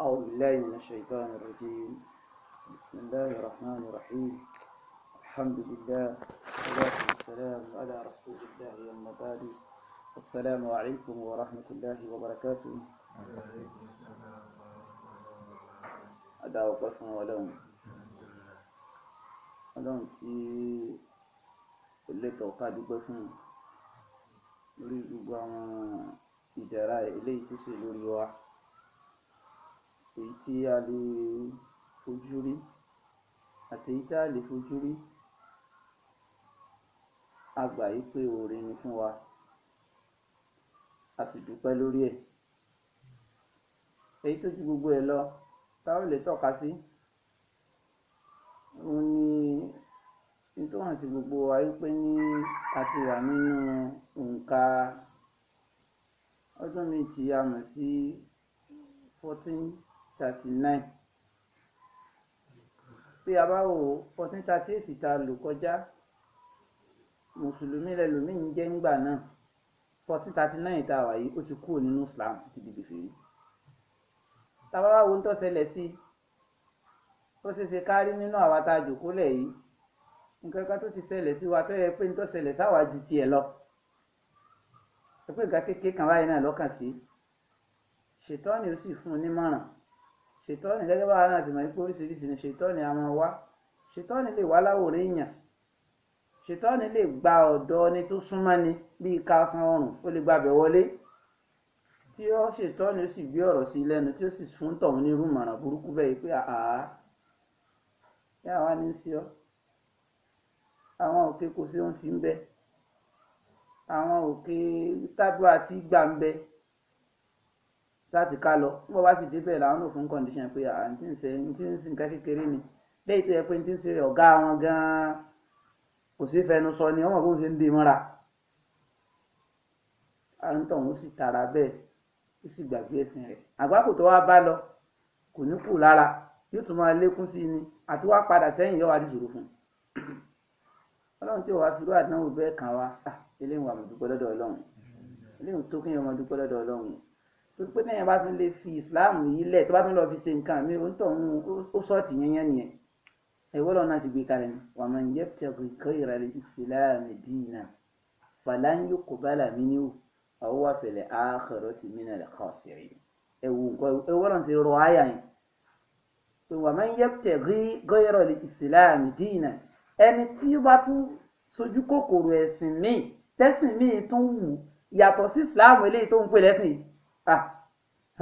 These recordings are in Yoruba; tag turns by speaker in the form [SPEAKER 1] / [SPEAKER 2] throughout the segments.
[SPEAKER 1] أعوذ بالله من الشيطان الرجيم بسم الله الرحمن الرحيم الحمد لله والصلاة والسلام على رسول الله أما السلام عليكم ورحمة الله وبركاته أدا وقف ولون ولون في ilé tọ̀ọ̀ká dúpẹ́ fún lórí gbogbo àwọn نريد أن tó إليه lórí wa. èyí tí a lè fojú rí àti èyí tí a ò lè fojú rí a gbà wí pé oore ni fún wa a sì dúpẹ́ lórí ẹ̀. Èyí tó ju gbogbo ẹ̀ lọ tá ó lè tọ́ka sí òun ni ohun tó hàn sí gbogbo wa wí pé ní a ti wà nínú òǹkà ọdún míì tí a mọ̀ sí fourteen thirty nine tí a bá wò ó fourteen thirty eight tá a lò kọjá mùsùlùmí lẹlòmíín jẹ́ ńgbà náà fourteen thirty wà yìí ó ti kúrò nínú Islam ti di kèfèrí tá bá wá ń tó sí ó ṣeé kárí nínú àwa tá a yìí nǹkan kan tó ti ṣẹlẹ̀ sí wa tó yẹ pé ń tó ṣẹlẹ̀ sáwà ju tiẹ̀ lọ ẹ pé nǹkan kékeré kan báyìí náà lọ́kàn sí ṣètọ́ni ó sì fún un nímọ̀ràn ṣètọ́ni gẹ́gẹ́ báwa náà ti mọ̀ pé oríṣiríṣi ni ṣètọ́ni a máa wá ṣètọ́ni lè wá láwòrán èèyàn ṣètọ́ni lè gba ọ̀dọ́ ẹni tó súnmọ́ ni bíi kásan ọrùn ó lè gbàbẹ̀ wọlé tí ó ṣètọ́ni ó sì gbé ọ̀rọ̀ sí lẹ́nu tí ó sì fún tọ̀hún ní rúmọ̀ràn burúkú bẹ́ẹ̀ pé àá yá wa ní sí ọ àwọn òkè kò sí ohun tí ń bẹ àwọn òkè tábìlì àti gbà ń bẹ láti ká lọ tí wọn bá sì débẹ̀ làwọn náà fún kọndíṣàn pé à ń tí ń ṣe ń tí ń sin nǹkan kékeré ni lẹ́yìn tó yẹ pé ń tí ń ṣe ọ̀gá wọn ganan kò sí fẹnu sọ ni ọmọ bóun ṣe ń bí mọ́ra àǹtọ̀ òun sì tara bẹ́ẹ̀ ó sì gbàgbé ẹ̀sìn rẹ̀ àgbákò tó wá bá lọ kò ní kù lára yóò tún máa lékún sí i ni àti wá padà sẹ́yìn yóò wá di ìṣòro fún un ọlọ́run tí wàá firú àdánwò bẹ́ẹ̀ kàn wá eléyìí wà mọ̀ dúpẹ́ lọ́dọ̀ ọlọ́run eléyìí tó kéèyàn mọ̀ dúpẹ́ lọ́dọ̀ ọlọ́run torí pé téèyàn bá tún lè fi islam yìí lẹ̀ tó bá tún lọ fi ṣe nǹkan mi ó ń tọ̀ ó sọ́ọ̀tì yẹnyẹn nìyẹn ẹ̀wọ́ lọ́nà náà ti gbé kalẹ̀ ni wa man yabtaghi ghayra al-islam dinan falan yuqbala minhu wa huwa fil akhirati minal khasirin ẹ̀wù nǹkan ẹ̀wọ́ lọ́nà ti rọ àyà yẹn pé wa man yabtaghi ghayra al-islam dinan ẹni tí bá tún sojú kòkòrò ẹ̀sìn míì tẹ́sìn míì tún wù yàtọ̀ sí islam eléyìí tó ń pè lẹ́sìn yìí Ah,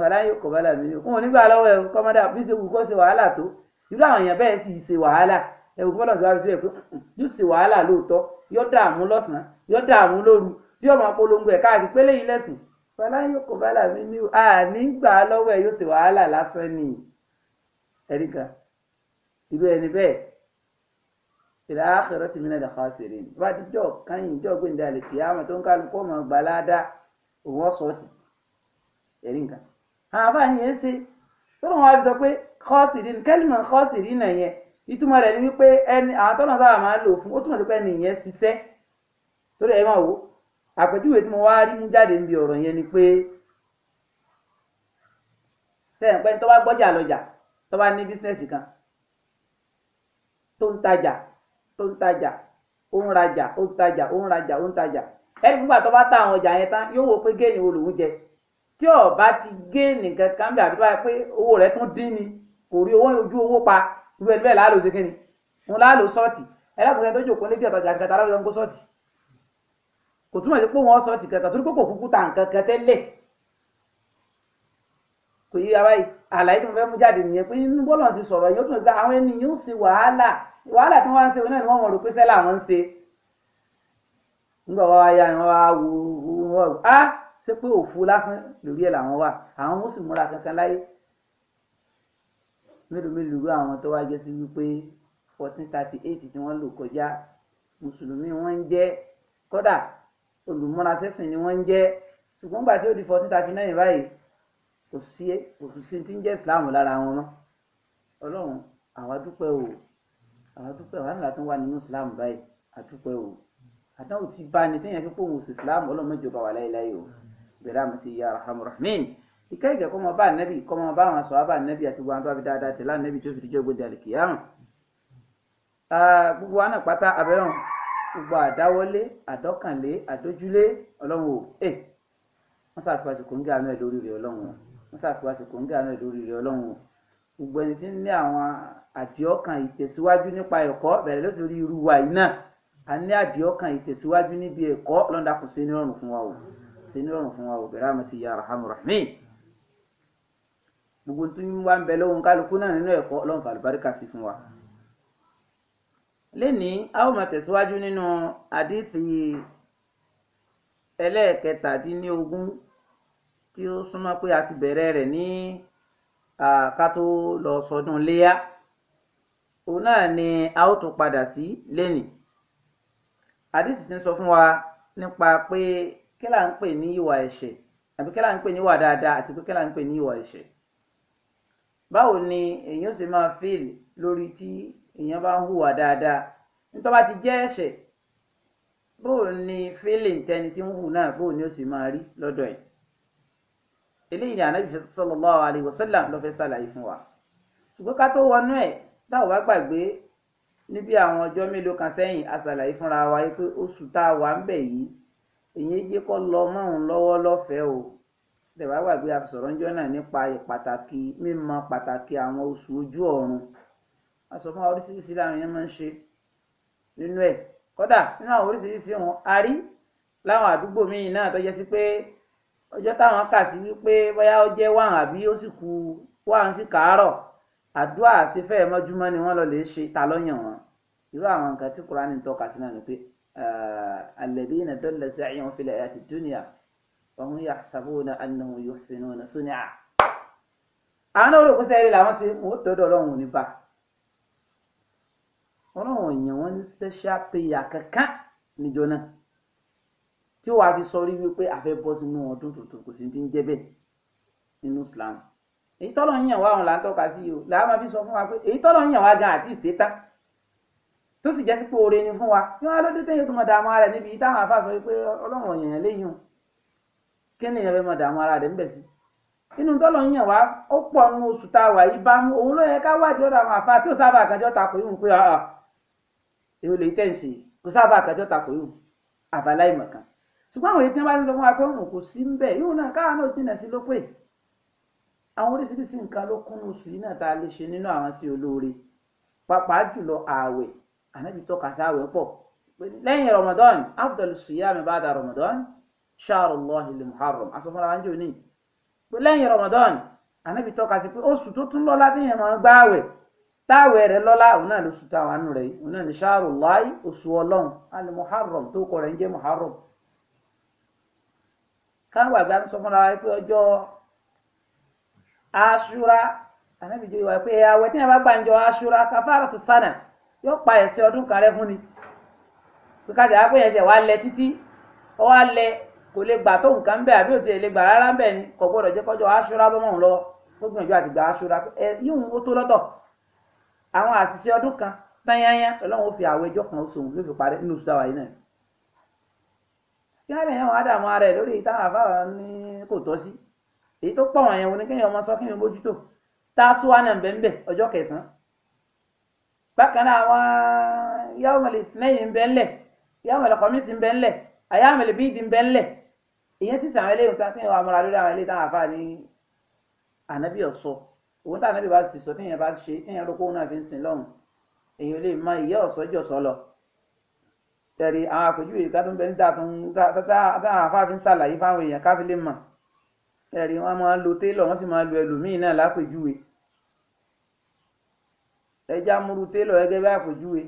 [SPEAKER 1] ọ̀la yóò kọ̀ bálà mi wọn ò ní gbà lọ́wọ́ ẹ̀ kọ́mọ́dà bí ṣe wù kó ṣe wàhálà tó irú àwọn èèyàn bẹ́ẹ̀ sì ṣe wàhálà ẹ̀wù fọlọ́ ti wá fi pé mm, yóò ṣe wàhálà lóòótọ́ yóò dààmú lọ́sàn-án yóò dààmú lóru tí yóò máa polongo ẹ̀ káàkiri pé léyìn lẹ́sìn ọ̀la yóò kọ̀ bálà mi ní o àní gbà lọ́wọ́ ẹ̀ yóò ṣe wàhálà lásán ni ẹ̀rí kan irú ẹni bẹ́ẹ̀ ìlà àkẹrọ ti mìíràn dàkọ àṣírí bá ti jọ káyìn jọ gbẹ̀ǹdà ẹ̀rí nǹkan àwọn afáàní yẹn ṣe tó lóun wá fi sọ pé kọ́ọ̀sì rí kẹ́lìmọ̀ kọ́ọ̀sì rí nà yẹn ìtumọ̀ rẹ̀ ni wípé ẹni àwọn tọ́nà sábà máa ń lò fún ó túmọ̀ sí pé ẹni yẹn ṣiṣẹ́ torí ẹ máa wò àpèjúwe tí mo wá rí mú jáde níbi ọ̀rọ̀ yẹn ni pé sẹ́yìn pé tó bá gbọ́jà lọ́jà tó bá ní bísínẹ́sì kan tó ń tajà tó ń tajà ó ń rajà ó ń tajà ó ń rajà ó ń tajà ẹni nígbà tó bá ta àwọn ọjà yẹn tán yóò wò pé géènì wo tí ọba ti gé nìkan kan bí àbí tó bá yẹ pé owó rẹ̀ tún dín ni kò rí owó ojú owó pa irú ẹni bẹ́ẹ̀ láàlú ṣe kíni òun láàlú sọ́ọ̀tì ẹlẹ́kùnrin tó jòkó létí ọ̀tàjà nǹkan tá lọ́wọ́ sọ́ọ̀tì kò túmọ̀ sí pé wọ́n sọ́ọ̀tì kankan torí pé kò kúkú ta nǹkan kan tẹ́lẹ̀ kò yí ara àlàyé tí fẹ́ mú jáde nìyẹn pé inú bọ́lọ̀ ti sọ̀rọ̀ yìí tún gba àwọn ènìyàn ń ṣe wàhálà ya ni wọ́n á wò ó ṣé pé òfu lásán lórí ẹ̀ làwọn wà àwọn ó sì múra kankan láyé mélòó mélòó rú àwọn tó wá jẹ́ sí wípé fourteen thirty eight tí wọ́n lò kọjá mùsùlùmí wọ́n ń jẹ́ kódà olùmúrasẹ́sìn ni wọ́n ń jẹ́ ṣùgbọ́n gbà tí ó di fourteen thirty nine báyìí kò sí kò tún sí ti ń jẹ́ ìsìláàmù lára wọn mọ́ ọlọ́run àwa dúpẹ́ o àwa dúpẹ́ wàhálà láti wà nínú ìsìláàmù báyìí àdúpẹ́ o àdáwò ti bá ni téèyàn fi kó òun sí ìsìláàmù ọlọ́run mẹ́jọba wà láéláé o. Mm -hmm bẹ̀rẹ̀mẹ̀tì ya arhamu rahimin ìkẹ́ ìgẹ̀ kọ́ mọ bá nẹ́bì kọ́ mọ bá àwọn sọ bá nẹ́bì àti gbogbo àwọn tó bá fi dáadáa tẹ̀lé nẹ́bì tó fi dijọ́ gbòdì àlìkìyàmù. gbogbo wa náà pátá abẹ́rùn gbogbo àdáwọlé àdọ́kànlé àdójúlé ọlọ́run ò ẹ̀ eh, wọ́n ṣàfihàn àsìkò ń gé àánú ẹ̀ lórí rẹ̀ ọlọ́run wọ́n ṣàfihàn àsìkò ń gé àánú ẹ̀ lórí rẹ̀ ọlọ́run gbogbo ẹni tí ń ní àwọn àdìọ́kàn ìtẹ̀síwájú nípa ẹ̀kọ́ bẹ̀rẹ̀ lórí irú wa yìí náà a ní àdìọ́kàn ìtẹ̀síwájú níbi ẹ̀kọ́ lọ́ńdà kò sí ní ọ̀run fún wa o ṣe nírọ̀rùn fún wa òbẹ̀rẹ̀ àmọ́ ti ya arahamu rahmin gbogbo tó ń wá ń bẹ lóhun kálukú náà nínú ẹ̀kọ́ ọlọ́run fàlùbáríkà sí fún wa. lénìí a ó máa tẹ̀síwájú nínú àdìtì ẹlẹ́ẹ̀kẹtàdínlógún tí ó súnmọ́ pé a ti bẹ̀rẹ̀ rẹ̀ ní ká lọ sọdún léyà òun náà ni a ó tún padà sí lénìí àdìsí ti sọ fún wa nípa pé kí là ń pè ní ìwà ẹ̀ṣẹ̀ àbí kí là ń pè ní ìwà dáadáa àti pé kí là ń pè ní ìwà ẹ̀ṣẹ̀ báwo ni èèyàn ṣe máa feel lórí tí èèyàn bá ń hùwà dáadáa nítorí bá ti jẹ́ ẹ̀ṣẹ̀ bóò ni feeling tẹni tí ń hù náà bóò ni ó sì máa rí lọ́dọ̀ ẹ̀ eléyìí ni ànábì sallallahu alaihi wasallam ló fẹ́ ṣàlàyé fún wa ṣùgbọ́n ká tó wọnú ẹ̀ táwọn bá gbàgbé níbi àwọn ọjọ́ mélòó kan sẹ́yìn a ṣàlàyé fúnra wa pé oṣù tá a wà ń bẹ̀ yìí èyí jẹ́ kó lọ mọ́hún lọ́wọ́ lọ́fẹ̀ẹ́ o tẹ̀wá gbàgbé àfisọ̀rọ̀njọ́ náà nípa pàtàkì mímọ̀ pàtàkì àwọn oṣù ojú ọ̀run a sọ fún wa oríṣiríṣi làwọn yẹn máa ń ṣe nínú ẹ̀ kódà nínú àwọn oríṣiríṣi wọn a rí láwọn àdúgbò míì náà tó jẹ́ sí pé ọjọ́ táwọn kà sí wípé bóyá ó jẹ́ wàhùn àbí ó sì kú wàhùn sí kàárọ̀ àdúrà àṣefẹ́ mọ́júmọ́ ni wọ́n lọ lè ṣe ta lọ́yàn wọn irú àwọn nǹkan tí kúránì tọ́ka sí náà ni pé الذين دل زعيم في الحياة الدنيا وهم يحسبون أنه يحسنون صنعا أنا olùkọ́sẹ́ eré làwọn ṣe wọ́n dọ́dọ̀ ọlọ́run nípa ọlọ́run èèyàn wọn ní special prayer kankan níjọ náà tí wàá fi sọ rí wípé àfẹ́ bọ́ sínú ọdún tuntun kò sí ti ń jẹ́ bẹ́ẹ̀ nínú Islam èyí tọ́lọ́ yàn wá ọ̀hún là ń tọ́ka sí yìí o làwọn máa fi sọ fún wa pé èyí tọ́lọ́ yàn wá gan àti ìṣẹ́ta tó sì jẹ́ sípò pé oore ni fún wa ní wọn lóde téèyàn tó mọ dààmú ara rẹ̀ níbi táwọn afa sọ pé ọlọ́run ọ̀yàn léyìn kí ni èèyàn fẹ́ mọ dààmú ara rẹ̀ níbẹ̀ sí inú tọ́lọ̀ ń yàn wá ó pọ̀ nu oṣù tá a wà yìí bá mú òun ló yẹ ká wádìí àwọn tí ó sábà yìí lè tẹ̀ ń ṣe kó sábà yìí ṣùgbọ́n àwọn èyí tí wọ́n bá ànábì tọ́ka sáwẹ̀ pọ̀ lẹ́yìn ramadan afdal siyami bada ramadan shahrullahi al-muharram asọ́fúnra wa ń jò ní lẹ́yìn ramadan ànábì tọ́ka sí pé oṣù tó tún lọ́lá tí yẹn máa gbáwẹ̀ táwẹ̀ rẹ̀ lọ́lá òun náà ló sùn táwọn àánú rẹ̀ òun náà ní shahrullahi oṣù ọlọ́run al-muharram tó kọ rẹ̀ ń jẹ́ muharram káwọn àgbà ń sọ wa pé ọjọ́ aṣúra ànábì jẹ́ ìwà pé àwẹ̀ tí yẹn bá gbà ń jọ aṣúra kàfàràtù sánà. yóò pa ẹsẹ ọdún kan rẹ fún ni kíkàtà àpò yẹn tẹ wàá lẹ títí ọwọ́ alẹ kò lè gbà tó nǹkan bẹ́ẹ̀ àbí òtí lè gbà rárá bẹ ni kò gbọ́dọ̀ jẹ́ kọjọ́ aṣọra bọ́mọ̀ ń lọ ó gbìyànjú àti gbà aṣọra ẹ yíhun ó tó lọ́tọ̀ àwọn àṣìṣe ọdún kan tányányá ó fi àwọn kan ló fi nínú yìí náà kí á lè ara ẹ lórí táwọn èyí tó wọn ni kéèyàn ọmọ sọ kéèyàn bákan náà àwọn yàwùmọ̀lẹ̀ ìtìlẹ́yìn ń bẹ ńlẹ̀ yàwùmọ̀lẹ̀ kọ́mísì ń bẹ ńlẹ̀ àyàwùmọ̀lẹ̀ bíìdì ń bẹ ńlẹ̀ ìyẹn ti sàwọn eléyìí kan fihàn àmọ́ra lórí àwọn eléyìí táwọn àfáà ní ànábì ọ̀sọ́ òun táwọn ànábì bá ti sọ téèyàn bá ṣe téèyàn roko náà fi ń sìn lọ́hùn èèyàn lè mọ ìyẹ́ ọ̀sọ́ jọ̀sọ́ lọ tẹ̀rí àwọn àpèjúwe ìka tó ń bẹ níta táwọn àfáà fi ń sàlàyé fáwọn èèyàn káfílẹ̀ mọ̀ tẹ̀rí wọn máa lo télọ̀ wọ́n sì máa lo ẹlòmíì náà lápèjúwe ẹjẹ amúru télọ gẹ́gẹ́ bí àpèjúwe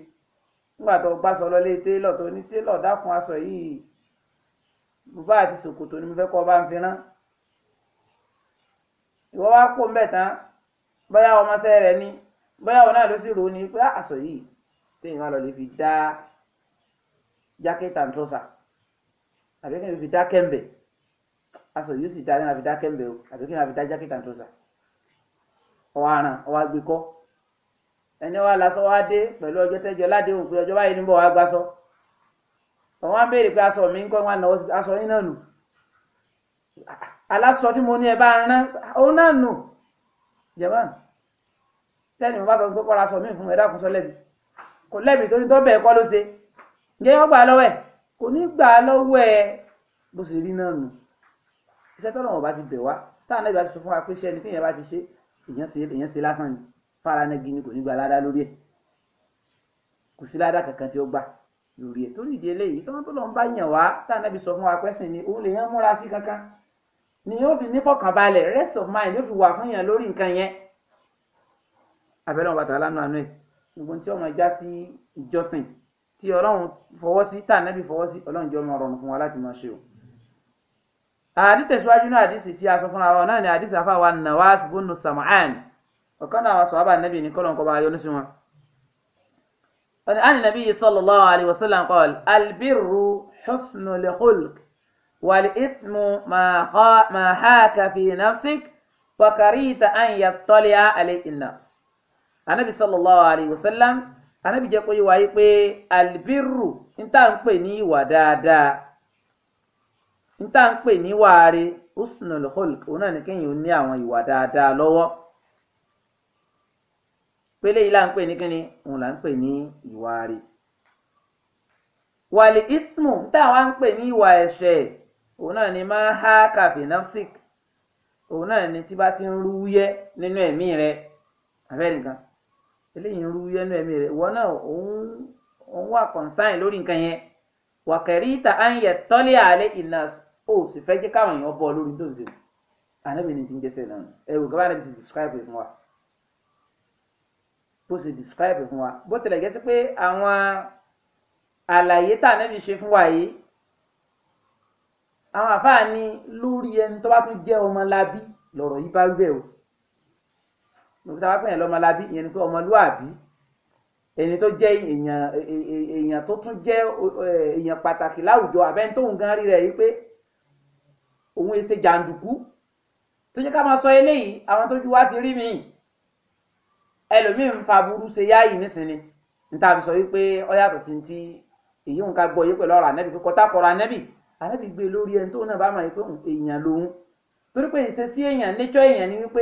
[SPEAKER 1] nígbà tó bá sọ lọlé télọ tó ní télọ dákun aṣọ yìí bùbá àti ṣòkòtò ni mo fẹ́ kọ bá ń fi rán ìwọ wá kó mbẹ tán bóyá ọmọọṣẹ rẹ ni bóyá òun náà ló sì rò ó ní pé ah, aṣọ yìí téèyàn wá lọ lè fi dá jákètà ntọ́sà àbí kí n fi dá kẹ́ńbẹ̀ aṣọ yìí ó sì dá ní àfi dá kẹ́ńbẹ̀ o àbí kí n fi dá jákètà ntọ́sà ọwọ́ aràn ọwọ́ agbẹ́kọ́ ẹni wa lasọ wa dé pẹ̀lú ọjọ́ tẹ́jọ ládéhùn pé ọjọ́ báyìí níbọ̀ wá gbasọ wọn wá béèrè pé aṣọ mi ń kọ́ wọn aṣọ yín náà nù aláṣọ tí mo ní ẹ bá rán òun náà nù jẹ̀mọ́ tẹ́ni mo bá fẹ́ kọ́ra aṣọ mi fún ẹ dákun sọ lẹ́bi kò lẹ́bi torí tó bẹ̀ kọ́ ló ṣe ǹjẹ́ wọ́n gbà lọ́wọ́ ẹ̀ kò ní gbà lọ́wọ́ ẹ bó ṣe rí náà nù iṣẹ́ tọ́lọ́wọ́n bá ti bẹ̀ wá táwọn ẹ̀gbẹ́ ti sọ fún wa pé iṣẹ́ ni tí ìyẹn bá ti ṣe èèyàn ṣe lásán ni faranagi ni kò ní gba ládá lórí ẹ̀ kò sí ládá kankan tí ó gbà lórí ẹ̀ torí ìdí eléyìí tọ́wọ́n tó lọ ń bá yàn wá tànàbí sọ fún wa pẹ́sìn ni òun lè yàn múra sí kankan ni yóò fi nífọ̀kànbalẹ̀ rest of mind yóò fi wà fún yàn lórí nǹkan yẹn abẹ́rẹ́ wọn bàtà lánàá àánú ẹ̀ gbogbo tí ọmọ já sí ìjọsìn tí ọlọ́run fọwọ́ sí tànàbí fọwọ́ sí ọlọ́run jọ máa rọrùn fún wa láti máa ṣe o àdìtẹ̀síwájú náà àdìsí tí a sọ fúnra wa náà ni àdìsí afáwa Nawas bunu Sam'an ọ̀kan náà àwọn sọ̀hábà nàbì ní kọ́lọ̀ nǹkan bá yọ nísìnyí wọn. ọ̀nà àni nàbí yìí sallallahu alaihi wasallam qala albirru husnul khulq wal ithmu ma haka fi nafsik wa karita an yattali'a alayhi an-nas. anabi sallallahu alaihi wasallam anabi jẹ́ kó yé wáyé pé albirru ń tà ń pè ní ìwà dáadáa ń tà ń pè ní wàárí husnul khulq òun náà ní kéèyàn ní àwọn ìwà dáadáa lọ́wọ́ pélé yìí là ń pè ní kíni òun là ń pè ní ìwà rí wàlì ismu táwa ń pè ní ìwà ẹ̀ṣẹ̀ òun náà ni máa ha kàfé nafsik òun náà ni tí bá ti ń rúyẹ́ nínú ẹ̀mí rẹ abẹ́nìkan eléyìí ń rúyẹ́ nínú ẹ̀mí rẹ ìwọ náà òun òun wà kọ̀nsáìn lórí nǹkan yẹn wàkẹ́rì ìta à ń yẹ tọ́lé àlẹ́ ìnà ó sì fẹ́ jẹ́ káwọn èèyàn bọ́ lórí tó ń ṣe ànábìnrin ti ń jẹ́sẹ̀ náà ẹ̀rù gbọ́dọ̀ ti describe it fún bó ṣe describe fún wa bó tilẹ̀ jẹ́ sí pé àwọn àlàyé tá ànábì ṣe fún wa yìí àwọn àfáà ní lórí ẹni tó bá tún jẹ́ ọmọlábí lọ̀rọ̀ yìí bá rí bẹ́ẹ̀ o níbi tá a bá pè yẹn lọ́mọlábí ìyẹn ni pé ọmọlúàbí ẹni tó jẹ́ èèyàn èèyàn tó tún jẹ́ èèyàn pàtàkì láwùjọ abẹ́ni tóun gan rí rẹ̀ yìí pé òun èsè jàǹdùkú tó jẹ́ ká máa sọ eléyìí àwọn tójú wa ti rí mi ẹlòmíì ń fa burú ṣe yáàyè nísìnyí níta fi sọ wípé ọ sí ti èyí ń ka gbọ́ yìí pẹ̀lú ọ̀rọ̀ ànẹ́bì kọ́tà kọ́ra ànẹ́bì ànẹ́bì gbé lórí ẹni tó náà bá máa pé èèyàn lòun ni wípé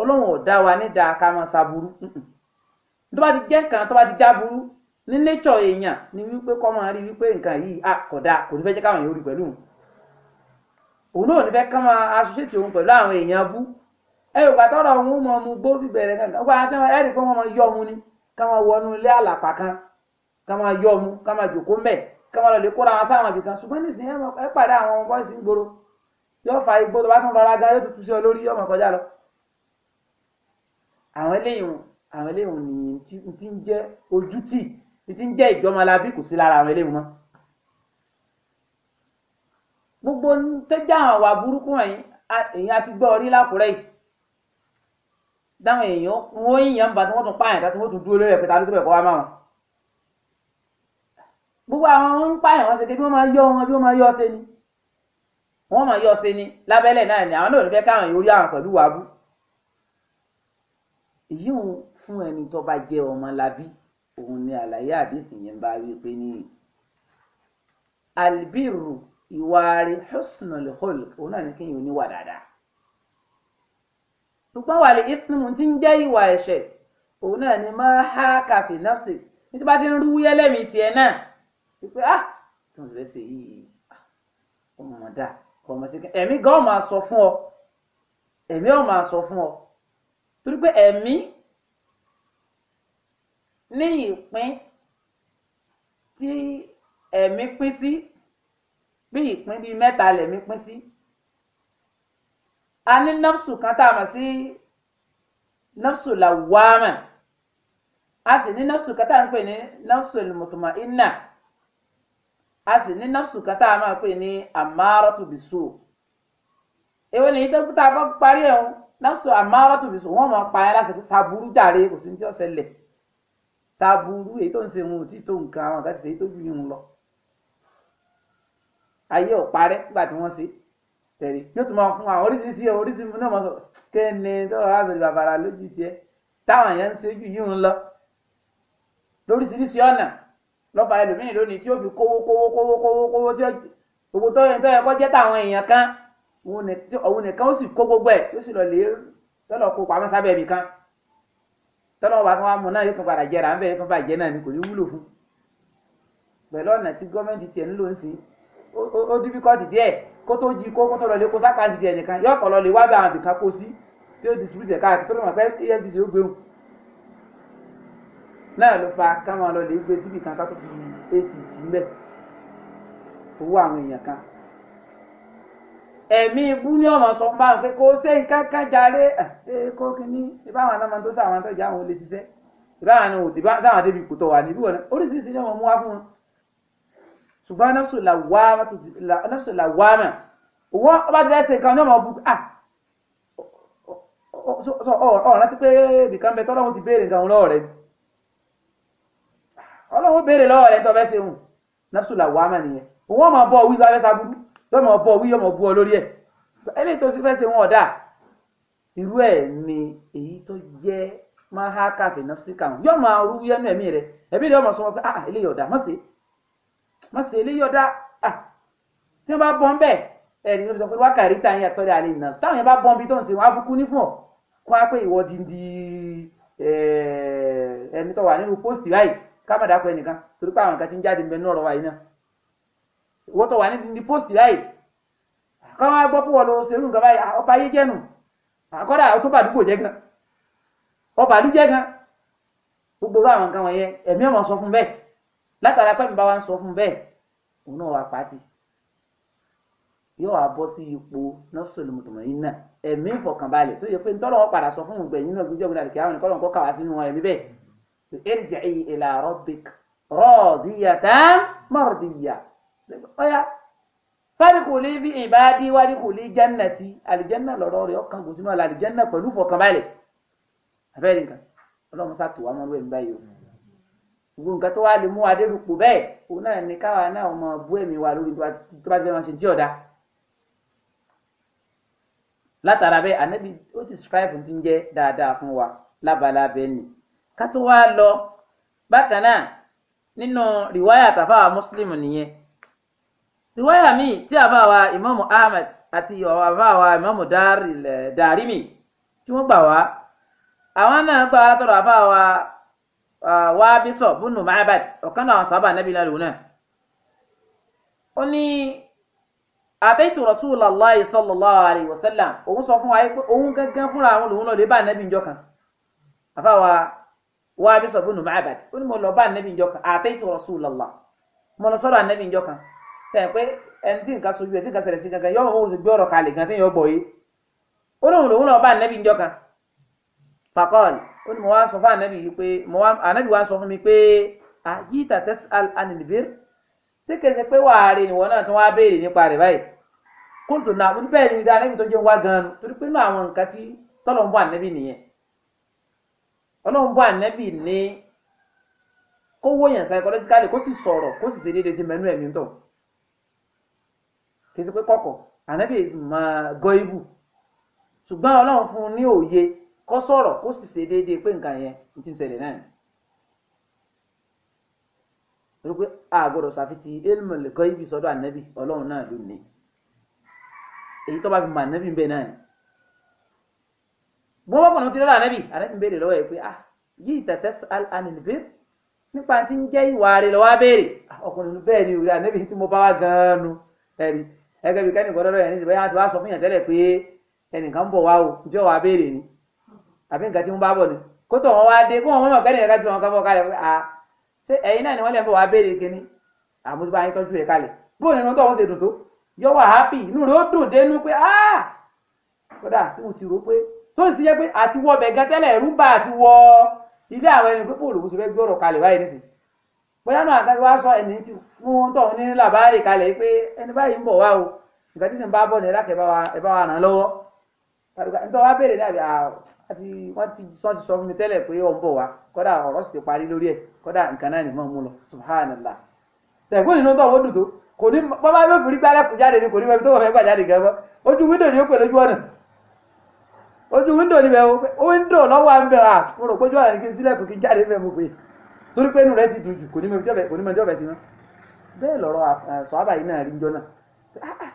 [SPEAKER 1] ọlọ́run ò wa ní ká máa tó bá ti jẹ́ nǹkan tó bá ti já burú ní nature èèyàn ni wípé kọ́ máa rí wípé nǹkan yìí kò ní fẹ́ jẹ́ káwọn èèyàn rí pẹ̀lú òun òun náà ò ẹ̀rù gbàtọ́rọ̀ ọ̀hún mọ̀ ọmú gbó bìbẹ̀rẹ̀ kankan ọgbà àti ẹ̀rì pé wọ́n mọ yọ ọmú ni ká máa wọnú ilé àlàpà kan ká máa yọ ọmú ká máa jòkó mẹ́ ká máa lọ lè kóra wọn sáwọn àbìkan ṣùgbọ́n nísìnyí ẹ pàdé àwọn ọmọ bọ́ọ̀sì ń gbòòrò yóò fa igbó tó bá tún rọra gan yóò tutù sí ọ lórí yóò mọ kọjá lọ. àwọn eléyìí àwọn eléyìí nìyí ti ń jẹ ojútì ti ń jẹ ìjọmọlábí gbogbo tẹjá àwọn àwa burúkú wọ̀nyí èyí á ti gbọ́ orí lákùrẹ́ yìí dáhùn èèyàn wọn yíyan bá tí wọn tún pààyàn tá tí wọn tún dúró lórí ẹ pé ta ló tó bẹ kọ wá máa gbogbo àwọn wọn ń pààyàn wọn ṣe pé bí wọn máa yọ wọn bí wọn máa yọ ṣe ni wọn máa yọ ṣe ni Labele na ni àwọn náà ò ní fẹ́ káwọn yóò rí àwọn pẹ̀lú wàbú. èyí ń fún ẹni tó bá jẹ ọmọ labí ni àlàyé àdéhùn yẹn bá wí pé ní albiru ìwà rẹ̀ husnul khuluq òun náà ní kéèyàn oníwà dáadáa ṣùgbọ́n wàlẹ̀ ìtumù ti ń jẹ́ ìwà ẹ̀ṣẹ̀ òun náà ni máa há kàfé náà ṣe ní tí bá ti ń rú yẹlẹ́mì tiẹ̀ náà wípé ah tó ń rẹ̀ ṣe yìí ah, ọmọ dà ọmọ sí ẹ̀mí gan máa sọ fún ọ ẹ̀mí ọ̀ máa fún ọ torí pé ẹ̀mí ní ìpín tí ẹ̀mí pín sí bí ìpín bíi mẹ́ta lẹ̀mí pín sí. Si a ní nọ́fṣù kan tá a mọ̀ sí nọ́fṣù làwámà a sì ní nọ́fṣù kan tá a ń pè ní nọ́fṣù lùmùtùmá iná a sì ní nọ́fṣù kan tá a máa pè ní àmárọ́tùbìsù èwo nìyí tó tá a bá parí ẹ̀ ń nọ́fṣù àmárọ́tùbìsù wọ́n máa pa ẹ́ láti sàbúrú jàre kò sí ní tí ó ṣẹlẹ̀ sàbúrú èyí tó ń ṣe wọn tí tó nǹkan àwọn àti èyí tó ju yìí lọ ayé ò parẹ́ nígbà tí wọ́n ṣe é tẹ̀lé yóò tún máa fún àwọn oríṣiríṣi oríṣiríṣi náà máa sọ kẹ́ni tó wàá sọ bàbàrà lójú tiẹ̀ táwọn yẹn ń ṣe jù yìí ń lọ lóríṣiríṣi ọ̀nà lọ́ba ẹlòmíì lónìí tí ó fi kówó kówó kówó kówó kówó tí ó gbogbo tó yẹn tó yẹ kó jẹ́ táwọn èèyàn kan òun nìkan ó sì kó gbogbo ẹ̀ ó sì lọ lè tọ́lọ̀ kó pamọ́ sábẹ́ ibì kan tọ́lọ̀ wà fún wa mú náà yóò kàn padà jẹrà ń bẹ̀ yóò kàn náà ni kò ní wúlò fún pẹ̀lú ọ̀nà tí gọ́ọ̀mẹ̀ntì tiẹ̀ ń lò ń sìn ó díbí kọ́ọ̀tì díẹ̀ kó tó jí kó kó tó lọ lé kó sákàǹtì tiẹ̀ nìkan yọ ọ̀pọ̀ lọ lè wá bẹ àwọn àbìkan kó sí tí ó distribute ẹ̀ káàkiri tó lè mọ̀ pé efcc ó gbéhùn náà ló fa káwọn lọ lè gbé síbi kan ká tó fi ac tì í lẹ̀ owó àwọn èèyàn kan ẹ̀mí ibú ní ọ̀nà sọ fún báwọn pé kó ṣe nǹkan kan jàre ẹ kó kínní ìbáwọn anamọ tó sáwọn tó jẹ àwọn olè ṣiṣẹ́ ìbáwọn àwọn òdìbá sáwọn débi kòtò wà níbí wọn oríṣiríṣi ni wọn mú wá fún wọn ṣùgbọ́n nafsu lawama wọ́n ọba ti fẹ́ ṣe nǹkan ní ọmọ ọbú ah ọ̀rọ̀ láti pé ibìkan bẹ tọ́lọ́hún ti béèrè nǹkan lọ́wọ́ rẹ ọlọ́hún béèrè lọ́wọ́ rẹ tó fẹ́ ṣe hùn nafsu lawama nìyẹn wọ́n mọ̀ bọ́ wíwá fẹ́ sábúrú yóò mọ̀ bọ́ wí yóò mọ̀ bú ọ lórí ẹ̀ eléyìí tó ti fẹ́ ṣe wọn ọ̀dà irú ẹ̀ ni èyí tó jẹ́ máa há káfíńnafsíkà yóò máa rú yẹnu ẹ̀mí rẹ ẹ̀mí rẹ yóò mọ̀ sọ wọn pé ah eléyìí ọ̀dà mọ̀ sí i má ṣe eléyìí ọ̀dà tí wọ́n bá bọ́ ń bẹ̀ ẹni ló sọ pé wákàrí tá à ń yàtọ̀ dé àlè nà táwọn yẹn bá bọ́ ń bi tó ń ṣe wọn abúkú ní fún ọ kó wá pé ìwọ dindi ẹni tó wà nínú pósìtì báyìí ká má dàpọ̀ ẹnìkan torí pé àwọn nǹkan ti ń jáde ń bẹ nọ́ọ̀rọ̀ wa yìí náà ìwọ tó wà nínú pósìtì báyìí kọ́ wá gbọ́ púpọ̀ lọ ṣerú nǹkan báyìí ọba ayé jẹ́nu àkọ́dà tó bàdúgbò jẹ́ gan ọba àdújẹ́ gan gbogbo àwọn nǹkan wọ̀nyẹn ẹ̀mí ọmọ látara pẹ́ mi bá wa ń sọ fún bẹ́ẹ̀ òun náà wà pàtì yóò wá bọ́ sí ipò nọ́ọ̀sọ̀lù mùtùmọ̀yìn náà ẹ̀mí ìfọ̀kànbalẹ̀ tó yẹ pé ntọ́lọ́ wọn padà sọ fún ìgbẹ̀yìn náà gbígbẹ́ òmìnira kìá wọn kọ́lọ́n kọ́ kàwá sínú ẹ̀mí bẹ́ẹ̀ tó irji'i ila rabbik radiyatan mardiyyah ọ̀yà fadkhuli fi ibadi wadkhuli jannati àlìjẹ́nà lọ́rọ́ rẹ̀ ọkàn kò sínú àlìjẹ́nà pẹ̀lú ìfọ̀kànbalẹ̀ abẹ́rẹ́ nǹkan ọlọ́run sá gbogbo tó wá lè mú adérúpò bẹ́ẹ̀ òun náà ní káwa náà mọ bú ẹ̀mí wa lórí tó bá fẹ́ máa ṣe tí ọ̀dà látara bẹ́ẹ̀ ànábì ó ti sùkáìfù ti ń jẹ́ dáadáa fún wa lábala bẹ́ẹ̀ ni ká tó wá lọ bákan náà nínú rìwáyà tàfáà Muslim nìyẹn rìwáyà míì tí àfáà Imam Ahmad àti àfáà Imam Darimi tí wọ́n gbà wá àwọn náà gbà látọ̀rọ̀ àfáà wábísọ̀ bùnú mahabad ọ̀kan náà sábà nàbí náà lòun náà. ó ní àtẹ̀tù rasulullahi sallallahu alayhi wa sallam òun sọ fún wa pé òun gángan fúnra àwọn lòun náà lè bá nàbí njọ́ kan àfàwà wábísọ̀ bùnú mahabad ó ní mo lọ bá nàbí njọ́ kan àtẹ̀tù rasulullah mo lọ sọ́dọ̀ ànàbí njọ́ kan sẹ́yìn pé ẹni tí nǹkan sojú ẹ̀ tí nǹkan ṣẹlẹ̀ sí gangan yọ fàkọ́ọ̀lì ó ní mo wá sọ fún ànábì yìí pé mo wá ànábì wá sọ fún mi pé àyí tàtẹ́ ànìlìbírí ṣé kèsì pé wàá rí ìwọ náà tí wọ́n béèrè nípa rẹ̀ báyìí kóńtò náà mo ní bẹ́ẹ̀ ni dáa níbi tó jẹ́ wá gan-an torí pé náà àwọn nǹkan tí tọ́lọ̀ ń bọ̀ ànábì nìyẹn ọlọ́run bọ̀ ànábì ní kó wóyàn psychologically kó sì sọ̀rọ̀ kó sì ṣe déédéé ti mẹ́nu ẹ̀mí tọ̀ kèsì pé kọ̀kọ̀ ànábì máa gọ́ ibù ṣùgbọ́n ọlọ́run fún un ní òye kó sọ̀rọ̀ kó sì ṣe déédéé pé nǹkan yẹn ń ti ṣẹlẹ̀ náà a ibi sọ́dọ̀ Ọlọ́run náà ló ní èyí tó bá fi mọ náà bó bá ti lọ́dọ̀ ànábì ànábì béèrè lọ́wọ́ ẹ̀ pé ah yìí tẹ̀tẹ̀ ànínìbí nípa ti ń jẹ́ ìwà rẹ̀ lọ́wọ́ abéèrè ah, ọkùnrin bẹ́ẹ̀ ni ìwé ànábì tí mo bá wá gan-an ẹ̀rí yẹn ní ti wá sọ fún yàn àbí nǹkan tí ń bá bọ̀ ni kó tó wọn wá dé kó wọn mọ̀ kẹ́ni ẹ̀ka tí wọn kọ́ fọ́ọ́ká rẹ̀ pé à ṣé ẹ̀yin náà ni wọ́n lè fọ́ wá béèrè kínní àmúṣe bá yín tọ́jú rẹ̀ kalẹ̀ bó nínú tó wọn ṣe dùn tó yọ wà hápì inú rẹ̀ ó dùn dénú pé á kódà tí mo ti rò pé tó sì yẹ pé àti wọ bẹ̀ gan tẹ́lẹ̀ ẹ̀rú bá àti wọ ilé àwọn ẹni pé bó lòun ṣe fẹ́ gbé ọ̀rọ̀ báyìí nísìnyí bóyá náà àgbà wá sọ ẹni tí fún tóun ní làbárè kalẹ̀ pé ẹni báyìí ń bọ̀ wá o nǹkan tí sì ń bá bọ̀ ní ẹ̀dá kẹ́ ẹ bá wa ràn lọ́wọ́ nítorí wá béèrè ní àbí àti wọ́n ti sọ́n ti sọ fún mi tẹ́lẹ̀ pé ó ń bọ̀ wá kọ́dà ọ̀rọ̀ sì ti parí lórí ẹ̀ kọ́dà nǹkan náà nìmọ̀ mú lọ subhanallah tẹ̀gbọ́n nínú tó wọ́n dùn tó kò ní bábá yóò fi rí gbálẹ̀ kù jáde ni kò ní bẹ́ẹ̀ tó wọ́n fẹ́ gbà jáde gan mọ́ ojú wíńdò ni ó pè lójú ọ̀nà ojú wíńdò ni bẹ́ẹ̀ o wíńdò lọ́wọ́ à ń bẹ̀ à mo rò pé ojú ọ̀nà ni kí n sílẹ̀ kù kí n jáde bẹ́ẹ̀ mo pè é torí pé inú rẹ ti dùn jù kò ní mọ ìjọba sí náà bẹ́ẹ̀ lọ́rọ̀ sọ́ábà yìí náà rí ń jọ náà ah, ah,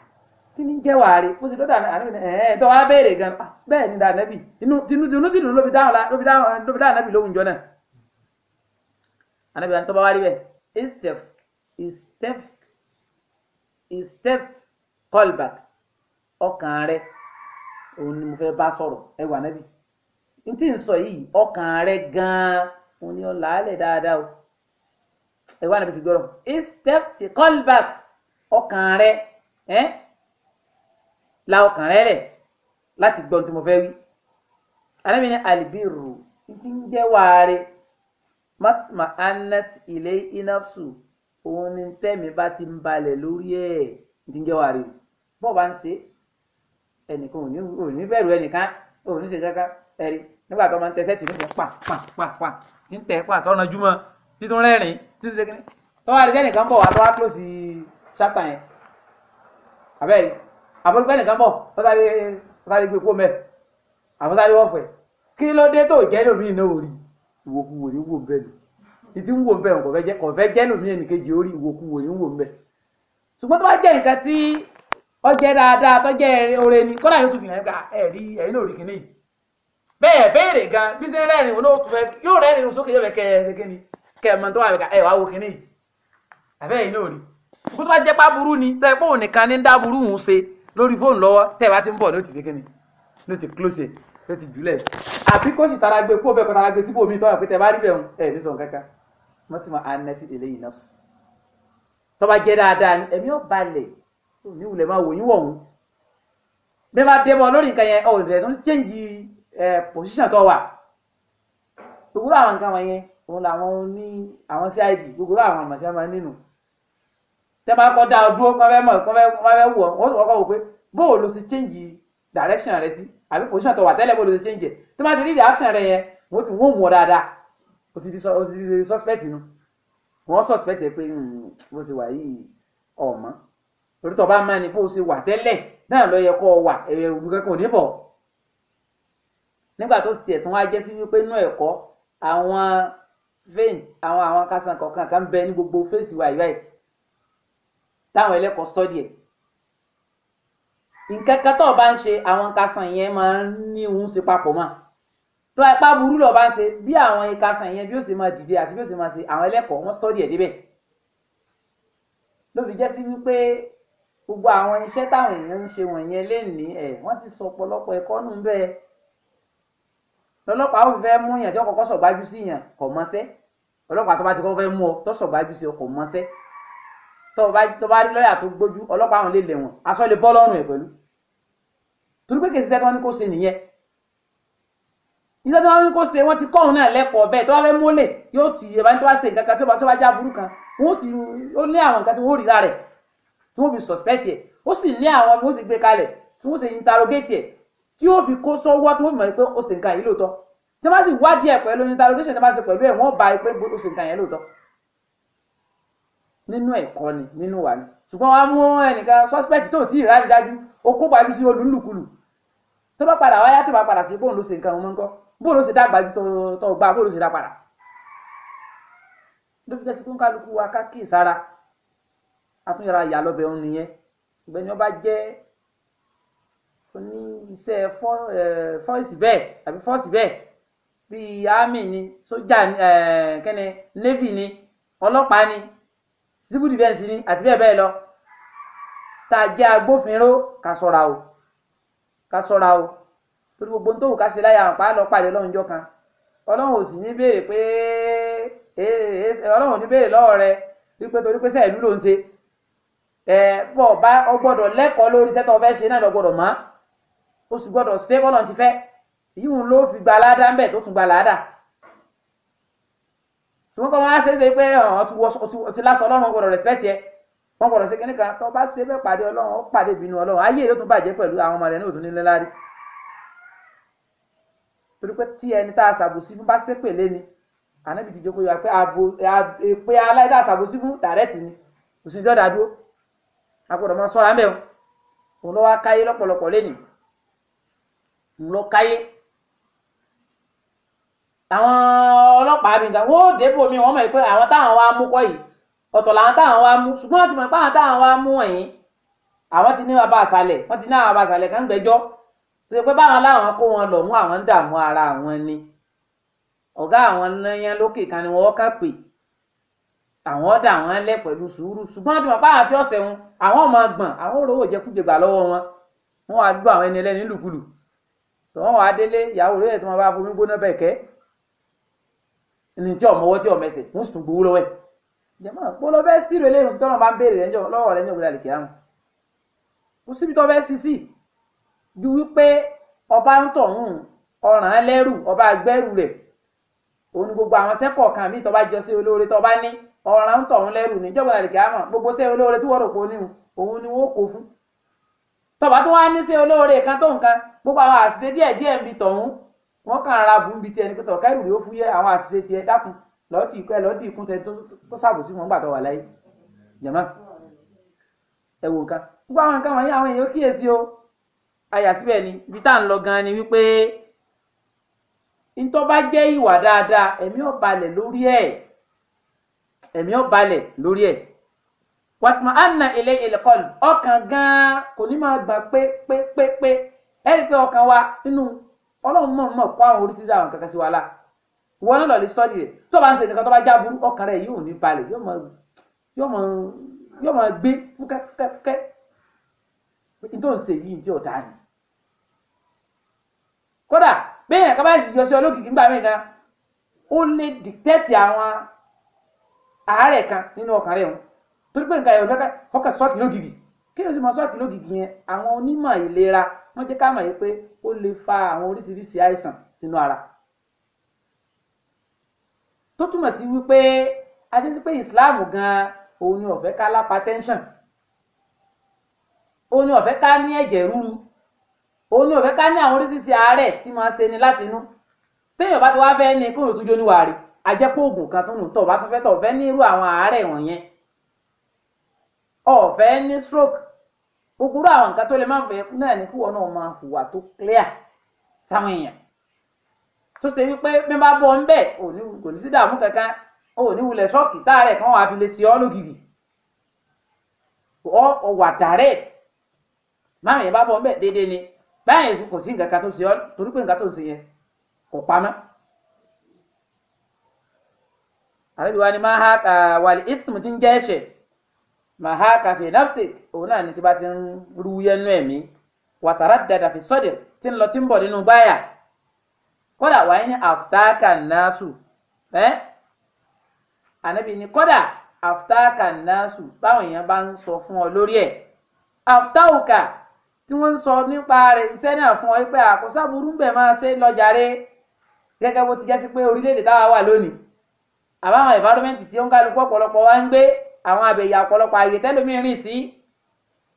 [SPEAKER 1] kí ni jẹ́ wàá rí mo sì lọ́dọ̀ ànábì ẹ̀ẹ́n tó wá béèrè gan ah, bẹ́ẹ̀ ni dànàbì inú tinú tinú ló fi dáhùn ló fi dáhùn ló fi dáhùn ànábì lóhùn jọ náà ànábì àti tọ́ba wá rí bẹ́ẹ̀ istef istef istef callback ọkàn rẹ òun ni mo fẹ́ bá sọ̀rọ̀ ẹ wà ànábì n tí ń sọ yìí ọkàn rẹ gan-an òun ni ọ̀là alẹ̀ dáadáa o ẹ wà ànábì sì gbọ́rọ̀ istef callback ọkàn rẹ ẹ́. Eh? la ọkàn rẹ rẹ̀ láti gbọ́ tí mo fẹ́ wí. Ànábì ní àlìbírù ti ń jẹ́ wàárí mátìmá anat ilé inafsu òun ni tẹ́mi bá ti ń balẹ̀ lórí ẹ̀ ti ń jẹ́ wàárí bọ́ọ̀ bá ń ṣe ẹnìkan ò ní bẹ̀rù ẹnìkan ò ní ṣe kankan ẹ̀rí nígbà tó máa ń tẹsẹ̀ tì ní pa pa pa pa tí ń tẹ̀ pa tọ́nà júmọ́ títún rẹ́rìn títún ṣe kínní tọ́wọ́ àdìsẹ́ nìkan bọ̀ wá lọ́wọ́ close chapter yẹn abẹ́rẹ́ àbọ̀lùpẹ́ nìkan bọ̀ fọ́sáré fọ́sáré gbé fóònù ẹ̀ àfọ́sáré wọ́pẹ́ kí ló dé tó jẹ́ lómi iná orí ìwòkuwò ní wò bẹ́ẹ̀ ni ìdí ń wò bẹ́ẹ̀ kò fẹ́ jẹ́ lómi ẹnìkejì orí ìwòkuwò ní wò bẹ́ẹ̀ ṣùgbọ́n tó bá jẹ́ nǹkan tí ọjẹ́ dáadáa tọ́jẹ́ oore ni kọ́lá yóò tún fi hàn ká ẹ̀rí ẹ̀rí náà rí kìíní bẹ́ẹ̀ béèrè gan bí sẹ́ rẹ́rìn òun yóò rẹ́rìn sókè yóò fẹ́ kẹ́ ẹ kìíní kẹ́ ẹ mọ̀ tó wà ká ẹ wá wo kìíní àbẹ́ ẹ̀rí náà rí ṣùgbọ́n tó bá jẹ́ pá burú ni tẹ́ pé nìkan ní ń dá burú òun ṣe lórí fóònù lọ́wọ́ tẹ́ ẹ bá ti ń bọ̀ ló ti ṣe kíni ló ti close ló ti jùlẹ̀ àbí kó sì tara gbé kó bẹ́ẹ̀ kó tara gbé síbò mi tọ́wọ́ pé tẹ́ ẹ bá rí bẹ́ẹ̀ ẹ ní sọ̀n kankan wọ́n ti mọ anẹ́tì eléyìí náà tó bá jẹ́ dáadáa ni ẹ̀mí ò balẹ̀ ní ìwúlẹ̀ máa wò yín wọ̀ wọ́n bí wọ́n dé bọ́ lórí nǹkan yẹn ọ̀ rẹ̀ tó ń change position tó wà gbogbo àwọn nǹkan wọ̀nyẹn òun làwọn ní àwọn CID gbogbo àwọn àmọ̀tí tẹ máa kọ́ dá ọ dúró kọ́ fẹ́ mọ̀ kọ́ fẹ́ kọ́ fẹ́ wù ọ́ wọ́n kọ́ wò pé bóò ló ti change direction rẹ sí àbí position tó wà tẹ́lẹ̀ bóò ló ti change tí máa ti rí reaction rẹ yẹn wọ́n ti wọ́n mú ọ dáadáa o ti di suspect nu wọ́n suspect ẹ pé hmm, bó ti wà yìí ọ̀mọ́ torí tọ́ bá máa ní bó o ṣe wà tẹ́lẹ̀ náà lọ yẹ kó o wà ẹ̀rẹ̀ olùkẹ́kọ̀ọ́ níbọ̀ nígbà tó tiẹ̀ tún wá jẹ́ sí wípé inú ẹ̀kọ́ àwọn vein àwọn àwọn kásán kọ̀ọ̀kan kan bẹ ní gbogbo fèsì wa ìwáyìí táwọn ẹlẹ́kọ̀ọ́ sọ́dí ẹ̀ nǹkan kan tó o bá ń ṣe àwọn kasan yẹn máa ń ní òun ṣe papọ̀ mọ́ tó apá burú lọ bá ń ṣe bí àwọn kasan yẹn bí ó ṣe máa dìde àti bí ó ṣe máa ṣe àwọn ẹlẹ́kọ̀ọ́ wọn sọ́dí ẹ̀ débẹ̀ ló fi jẹ́ sí wípé gbogbo àwọn iṣẹ́ táwọn èèyàn ń ṣe wọ̀nyẹn lénìí ẹ̀ wọ́n ti sọ ọ̀pọ̀lọpọ̀ ẹ̀kọ́ nù bẹ́ẹ̀ lọ́lọ́pàá ò fẹ́ mú yàn tí ó kọ́kọ́ sọ̀gbájú sí yàn kò mọ́ṣẹ́ ọlọ́pàá tó bá ti kọ́ fẹ́ mú ọ tó sọ̀gbájú sí ọ mọ́ṣẹ́ tó bá tó bá rí lọ́yà tó gbójú ọlọ́pàá àwọn lè lẹ̀ wọ́n aṣọ lè bọ́ lọ́rùn ẹ̀ pẹ̀lú torí pé kèsì sẹ́kọ́ ni kò ṣe nìyẹn iṣẹ́ tí wọ́n ní kó ṣe wọ́n ti kọ́ òun náà lẹ́kọ̀ọ́ bẹ́ẹ̀ tó bá fẹ́ mólè yóò tì í ẹ̀bá tó bá ṣe nǹkan kan tó bá tó bá já burú kan wọ́n ti ó ní àwọn nǹkan tí wọ́n rí lára ẹ̀ tí wọ́n fi suspect ẹ̀ ó sì ní àwọn tí wọ́n sì gbé kalẹ̀ tí wọ́n sì interrogate ẹ̀ tí ó fi kó sọ́wọ́ tí wọ́n fi mọ̀ pé ó ṣe nǹkan yìí lóòótọ́ tí wọ́n bá sì wádìí ẹ̀ pẹ̀lú interrogation tí wọ́n bá ṣe pẹ̀lú ẹ̀ wọ́n bá ẹ pé ó ṣe nǹkan yẹn lóòótọ́ nínú ẹ̀kọ́ ni nínú wa ni ṣùgbọ́n wàá mú ẹnìkan suspect tó tí ì rárí dájú ó kópa ibi sí olúlùkulù tó bá padà wáyá tó bá padà sí bóun ló ṣe nǹkan ọmọ ńkọ́ bóun ló ṣe dá gbàgbé tó gbà bóun ló ṣe dá padà ló fi tẹ́sí fún kálukú wa káàkiri sára àtúnyọ̀rọ̀ àyà lọ́bẹ̀ òun nìyẹn ìgbẹ́ni ọba jẹ́ oní iṣẹ́ fọ́ọ̀sì bẹ́ẹ̀ àbí fọ́ọ̀sì bẹ́ẹ̀ bíi army ni sójà kẹ́ni navy ni ọlọ́pàá ni civil defence ni àti bẹ́ẹ̀ bẹ́ẹ̀ lọ tá a jẹ́ agbófinró ká sọ̀ra o ká sọ̀ra o torí gbogbo tó wù ká ṣe láyà àwọn pàálọ̀ pàdé ọlọ́run jọ kan ọlọ́run ò sì ní béèrè pé ọlọ́run ò ní béèrè lọ́wọ́ rẹ wípé torí pé sẹ́ẹ̀lú ló ń ṣe ẹ bọ̀ bá ọ gbọ́dọ̀ lẹ́kọ̀ọ́ lórí sẹ́tọ̀ fẹ́ ṣe náà lọ gbọ́dọ̀ mọ́ o sì gbọ́dọ̀ ṣe bọ́lọ̀ ti fẹ́ yíwùn ló fi gba aládàá ń bẹ̀ tó tún gba aládàá ṣùgbọ́n kọ́ máa ṣe é ṣe pé ọtí lásán ọlọ́run gbọ́dọ̀ respect yẹ wọ́n gbọ́dọ̀ ṣe kíní kan tó bá ṣe bẹ́ẹ̀ pàdé ọlọ́run ó pàdé ìbínú ọlọ́run ayé yóò tún bàjẹ́ pẹ̀lú àwọn ọmọ rẹ̀ ní òtún nílé lárí. torí pé tí ẹni tá a ṣàbòsí fún bá ṣe pè lé ni ànábì ti jókòó yà pé àbò èpè aláìdá ṣàbòsí fún dàrẹ́tì ni òsínjọ́ dàdúró agbọ́dọ̀ máa sọ́ra mẹ́rin òun lọ́wọ́ káyé lọ́pọ̀lọpọ̀ lẹ́nìí òun lọ́ káyé àwọn ọlọ́pàá mi gan wọ́n débò mi wọ́n mọ̀ pé àwọn táwọn wá mú kọ́ yìí ọ̀tọ̀ làwọn táwọn wá mú ṣùgbọ́n wọ́n ti mọ̀ pé àwọn táwọn wá mú wọ̀nyí àwọn ti ní a àṣàlẹ̀ wọ́n ti ní àwọn bàbá àṣàlẹ̀ kan gbẹ́jọ́ tó yẹ pé báwọn láwọn kó wọn lọ mú àwọn ń dààmú ara àwọn ni ọ̀gá àwọn lẹ́yìn lókè kan ni wọ́n kà pé àwọn ọ̀dà wọn lẹ̀ pẹ̀lú sùúrù ṣùgbọ́n wọ́n ti mọ̀ pé àwọn àti ọ̀sẹ̀ wọn àwọn ọmọ gbọ̀n àwọn òróró jẹkújẹ gbà lọ́wọ́ wọn wọ́n wá gbọ́ àwọn ẹni ẹlẹ́ni lùkulù tọ́wọ́n wá délé ìyàwó rẹ̀ tí wọ́n bá fomi gbóná bẹ̀kẹ́ ní tí ọmọ ọwọ́ tí ọmọ ẹsẹ̀ ń sùn gbowó lọ́wọ́ ẹ̀ jẹ́mọ́ polo fẹ́ sírò eléyìí tọ́nà bá ń béèrè lẹ́jọ́ lọ́wọ́ rẹ̀ ní òkúta lèkè àrùn kò síbi tó fẹ́ sí sí ju wípé ọba ń tọ̀hún ọ̀ràn lẹ́rù ọba gbẹ́rù rẹ̀ òun ni gbogbo àwọn sẹ́kọ̀ọ́ kan bíi tọ́ba jọ sí olóore tọ́ba ní ọ̀ràn ń tọ̀hún lẹ́rù ní ìjọba lèkè àrùn gbogbo sẹ́ olóore tí wọ́n rò pé òun ni wọ́n kó fún tọ́ba tó wá ní sẹ́ olóore kan tó nǹkan gbogbo àwọn wọ́n kàn ara bù ń bi tiẹ̀ ní pẹ́tọ̀ kẹ́rù rèé ó fúyẹ́ àwọn àṣìṣe tiẹ̀ dákun lọ́ọ̀dì ìkọ́ ẹ lọ́ọ̀dì ìkún tẹ tó ṣàbòsí wọn gbàdọ̀ wà láyé jàmá ẹ wò nǹkan gbogbo àwọn nǹkan wọ̀nyí àwọn èèyàn kíyèsí o àyà síbẹ̀ ni ibi tá à ń lọ gan ni wípé ntọ́ bá jẹ́ ìwà dáadáa ẹ̀mí ò balẹ̀ lórí ẹ̀ ẹ̀mí ò balẹ̀ lórí ẹ̀ wàtìmọ̀ àna ilé ìlẹ̀kọ́lù ọkàn gan kò ní máa gbà pé pé pé pé ẹ̀ ọlọ́run mọ̀ mọ̀ kó àwọn oríṣiríṣi àwọn kankan sí wa la ìwọ náà lọ lè sọ́ọ̀dì rẹ̀ tó bá ń ṣe nìkan tó bá já burú ọkàn rẹ̀ yóò ní balẹ̀ yóò mọ yóò mọ gbé fún kẹ́kẹ́kẹ́ nítorí ń ṣe yìí ń ọ̀dà ni. kódà bẹ́ẹ̀ yẹn kábàáyé yọ sí olókìkí nígbà mí gan ó lè dìtẹ́tì àwọn àárẹ̀ kan nínú ọkàn rẹ̀ wọn torí pé nǹkan ẹ̀yọ̀ kọ́kà sọ́ọ̀kì lógìkì kí ló sì mọ sọ́ọ̀kì lógìgì yẹn àwọn onímọ̀ ìlera wọ́n jẹ́ ká mọ̀ yìí pé ó lè fa àwọn oríṣiríṣi àìsàn sínú ara tó túmọ̀ sí wípé adéṣí Islam gan òun ni ó fẹ́ ká lápá tẹ́ńṣàn òun ni ó fẹ́ ká ní ẹ̀jẹ̀ rúru òun ni ó fẹ́ ká ní àwọn oríṣiríṣi àárẹ̀ tí máa ń ṣe ni láti inú téèyàn bá ti wá fẹ́ ní kóòrò tó jó níwàárí ajẹ́pọ̀ oògùn kan tó nù tọ̀ bá fẹ́ tọ̀ fẹ́ ní irú àwọn àárẹ̀ wọ̀nyẹn ó ní stroke oguru àwọn nǹkan tó lè máa ń náà ní kíwọ náà máa hùwà tó clear sáwọn èèyàn tó ṣe wípé bí wọ́n bá bọ́ ń bẹ̀ kò ní sí dààmú kankan ó ní kan wàá fi lè ṣe ọ́ ọ wà dàrẹ́ máàmì yẹn bá bọ́ ń bẹ̀ déédéé ni báyìí kò sí nǹkan kan tó ṣe torí pé ha ìtumù ti ń mahaka fi nafsik òun náà ní tí bá ti ń ru yẹnu ẹ̀mí wàtàrà dada fi sọ́dẹ̀ tí ń lọ tí ń bọ̀ nínú báyà kódà wàá ní àftáàkà náàsù ẹ́ ànábì ní kódà àftáàkà náàsù báwọn èèyàn bá ń sọ fún ọ lórí ẹ̀ àftáàkà tí wọ́n ń sọ nípa rẹ̀ iṣẹ́ náà fún ọ pé àkóso burú ń bẹ̀ máa ṣe lọ́jàre gẹ́gẹ́ bó ti jẹ́ sí pé orílẹ̀-èdè táwa wà lónìí àbáwọn environment tí ó ń kálukú ọ̀pọ̀lọpọ̀ wá ń gbé àwọn abẹ̀yà ọ̀pọ̀lọpọ̀ ààyè tẹ́lómi rìn sí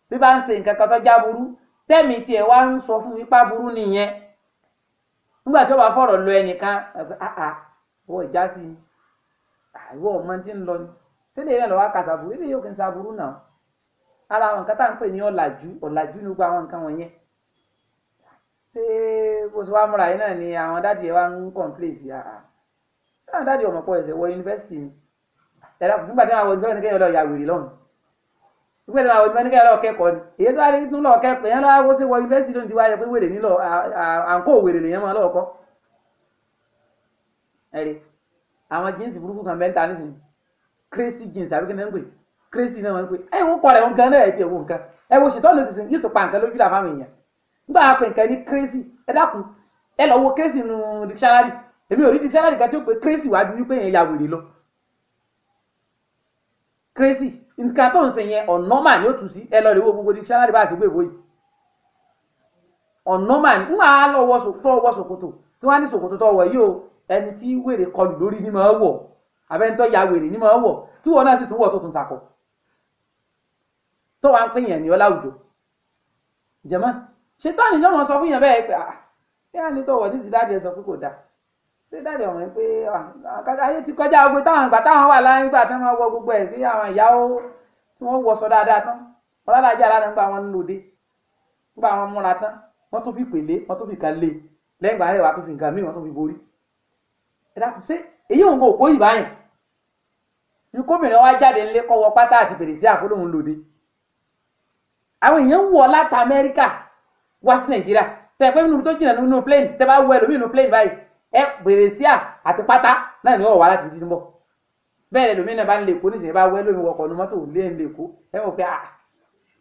[SPEAKER 1] bí bá ń ṣe nǹkan kan tó já burú tẹ́mi tiẹ̀ wá ń sọ fún ipá burú nìyẹn nígbà tí ó bá fọ̀rọ̀ lọ ẹnìkan àà ah, ah, wọ ìjà sí i àìwọ ah, ọmọ tí ń lọ ni sílẹ̀ yẹn lọ́wọ́ kàtà burú ilé yóò kí n sa burú náà ara àwọn nǹkan tá à ń pè ní ọ̀làjú ọ̀làjú ní gbogbo àwọn nǹkan wọ̀nyẹn ṣé bó ṣe wá múra yìí náà ni àwọn dáàdì ẹ wá ń kọ̀ǹpléèsì àà táwọn dáàdì ọmọ pọ̀ ẹ̀sẹ̀ wọ yunifásitì ni ẹ̀rọ nígbà tí wọn àwọn ìjọba nìkẹ́yìn ọlọ́ọ̀yà wèrè lọ́nu nígbà tí wọn àwọn ìjọba nìkẹ́yìn ọlọ́ọ̀ kẹ́kọ̀ọ́ ni èyí tó wá rí tún lọ́ọ̀ kẹ́kọ̀ọ́ yẹn lọ́wọ́ sí wọ yunifásitì lónìí ti wá yẹ pé wèrè nílọ àǹkó wèrè lèyàn máa lọ́ọ̀ kọ́ ẹ̀rí àwọn jíǹsì burúkú kan bẹ́ẹ̀ ń ta nísìnyí crazy jeans àbí kí ni wọ́n ń pè crazy náà wọ́n ń pè ẹ wọ́n kọ́ rẹ̀ wọ́n gan náà ẹ̀ tiẹ̀ wọ́n nǹkan ẹ wo ṣètọ́ lóṣìṣì yóò tó pa nǹkan lójú làwọn àwọn èèyàn nígbà wọn pè nǹkan ní crazy ẹ dákun ẹ lọ wo crazy nù dictionary èmi ò rí dictionary kan tí ó pe crazy wájú wípé èèyàn ya wèrè lọ crazy nǹkan tó ń ṣe yẹn ọ̀nọ́mà ni ó tù sí ẹ lọ rí owó gbogbo dictionary bá a ti gbé ìwé yìí ọ̀nọ́mà ni ń máa lọ wọ tó wọ ṣòkòtò tí wọ́n á ní ṣòkòtò tó wọ yìí o ẹni tí wèrè kọlù lórí ni máa wọ̀ abẹ́ntọ́ ya wèrè ni máa wọ̀ tí wọn náà sì tún wọ̀ tó tún sakọ tó wà ń pè yẹn ní ọláwùjọ jẹ̀mọ́ ṣetán ni jọ́mọ̀ sọ fún yẹn bẹ́ẹ̀ pé ah kí á ní tó wọ̀ títí dáadé sọ pé kò dáa ṣé dáadé ọ̀hún pé ayé ti kọjá ogun táwọn ìgbà táwọn wà láyé gbà tí wọ́n wọ gbogbo ẹ̀ sí àwọn ìyàwó tí wọ́n wọṣọ dáadáa tán ọlọ́lájà aláàdá nígbà wọn lòdì nígbà wọn múra tán wọ́n tún fi pèlé wọ́n tún fi kan lé lẹ́yìn ìgbà ayẹwà tún fi nǹkan míì wọ́n tún fi borí ẹ dákun ṣé èyí òun kò kó ìbá yẹn ikómìnira wa jáde ńlẹ kọwọ pátá àti fèrèsé àfọlóhùn lòdì àwọn èèyàn ń wọ láti Amẹ́ríkà wá sí Nàìjíríà tẹ̀ pé nínú tó jìnnà nínú plane tẹ́ bá wọ ẹlòmíì nínú plane báyìí ẹ bèrè sí à àti pátá náà ni wọ́n wà láti dídí bọ̀ bẹ́ẹ̀ lẹ́nu mìíràn bá ń lè kó nísìnyí bá wẹ́ lómi wọkọ̀ ní mọ́tò lé ń lè kó ẹ mọ̀ pé à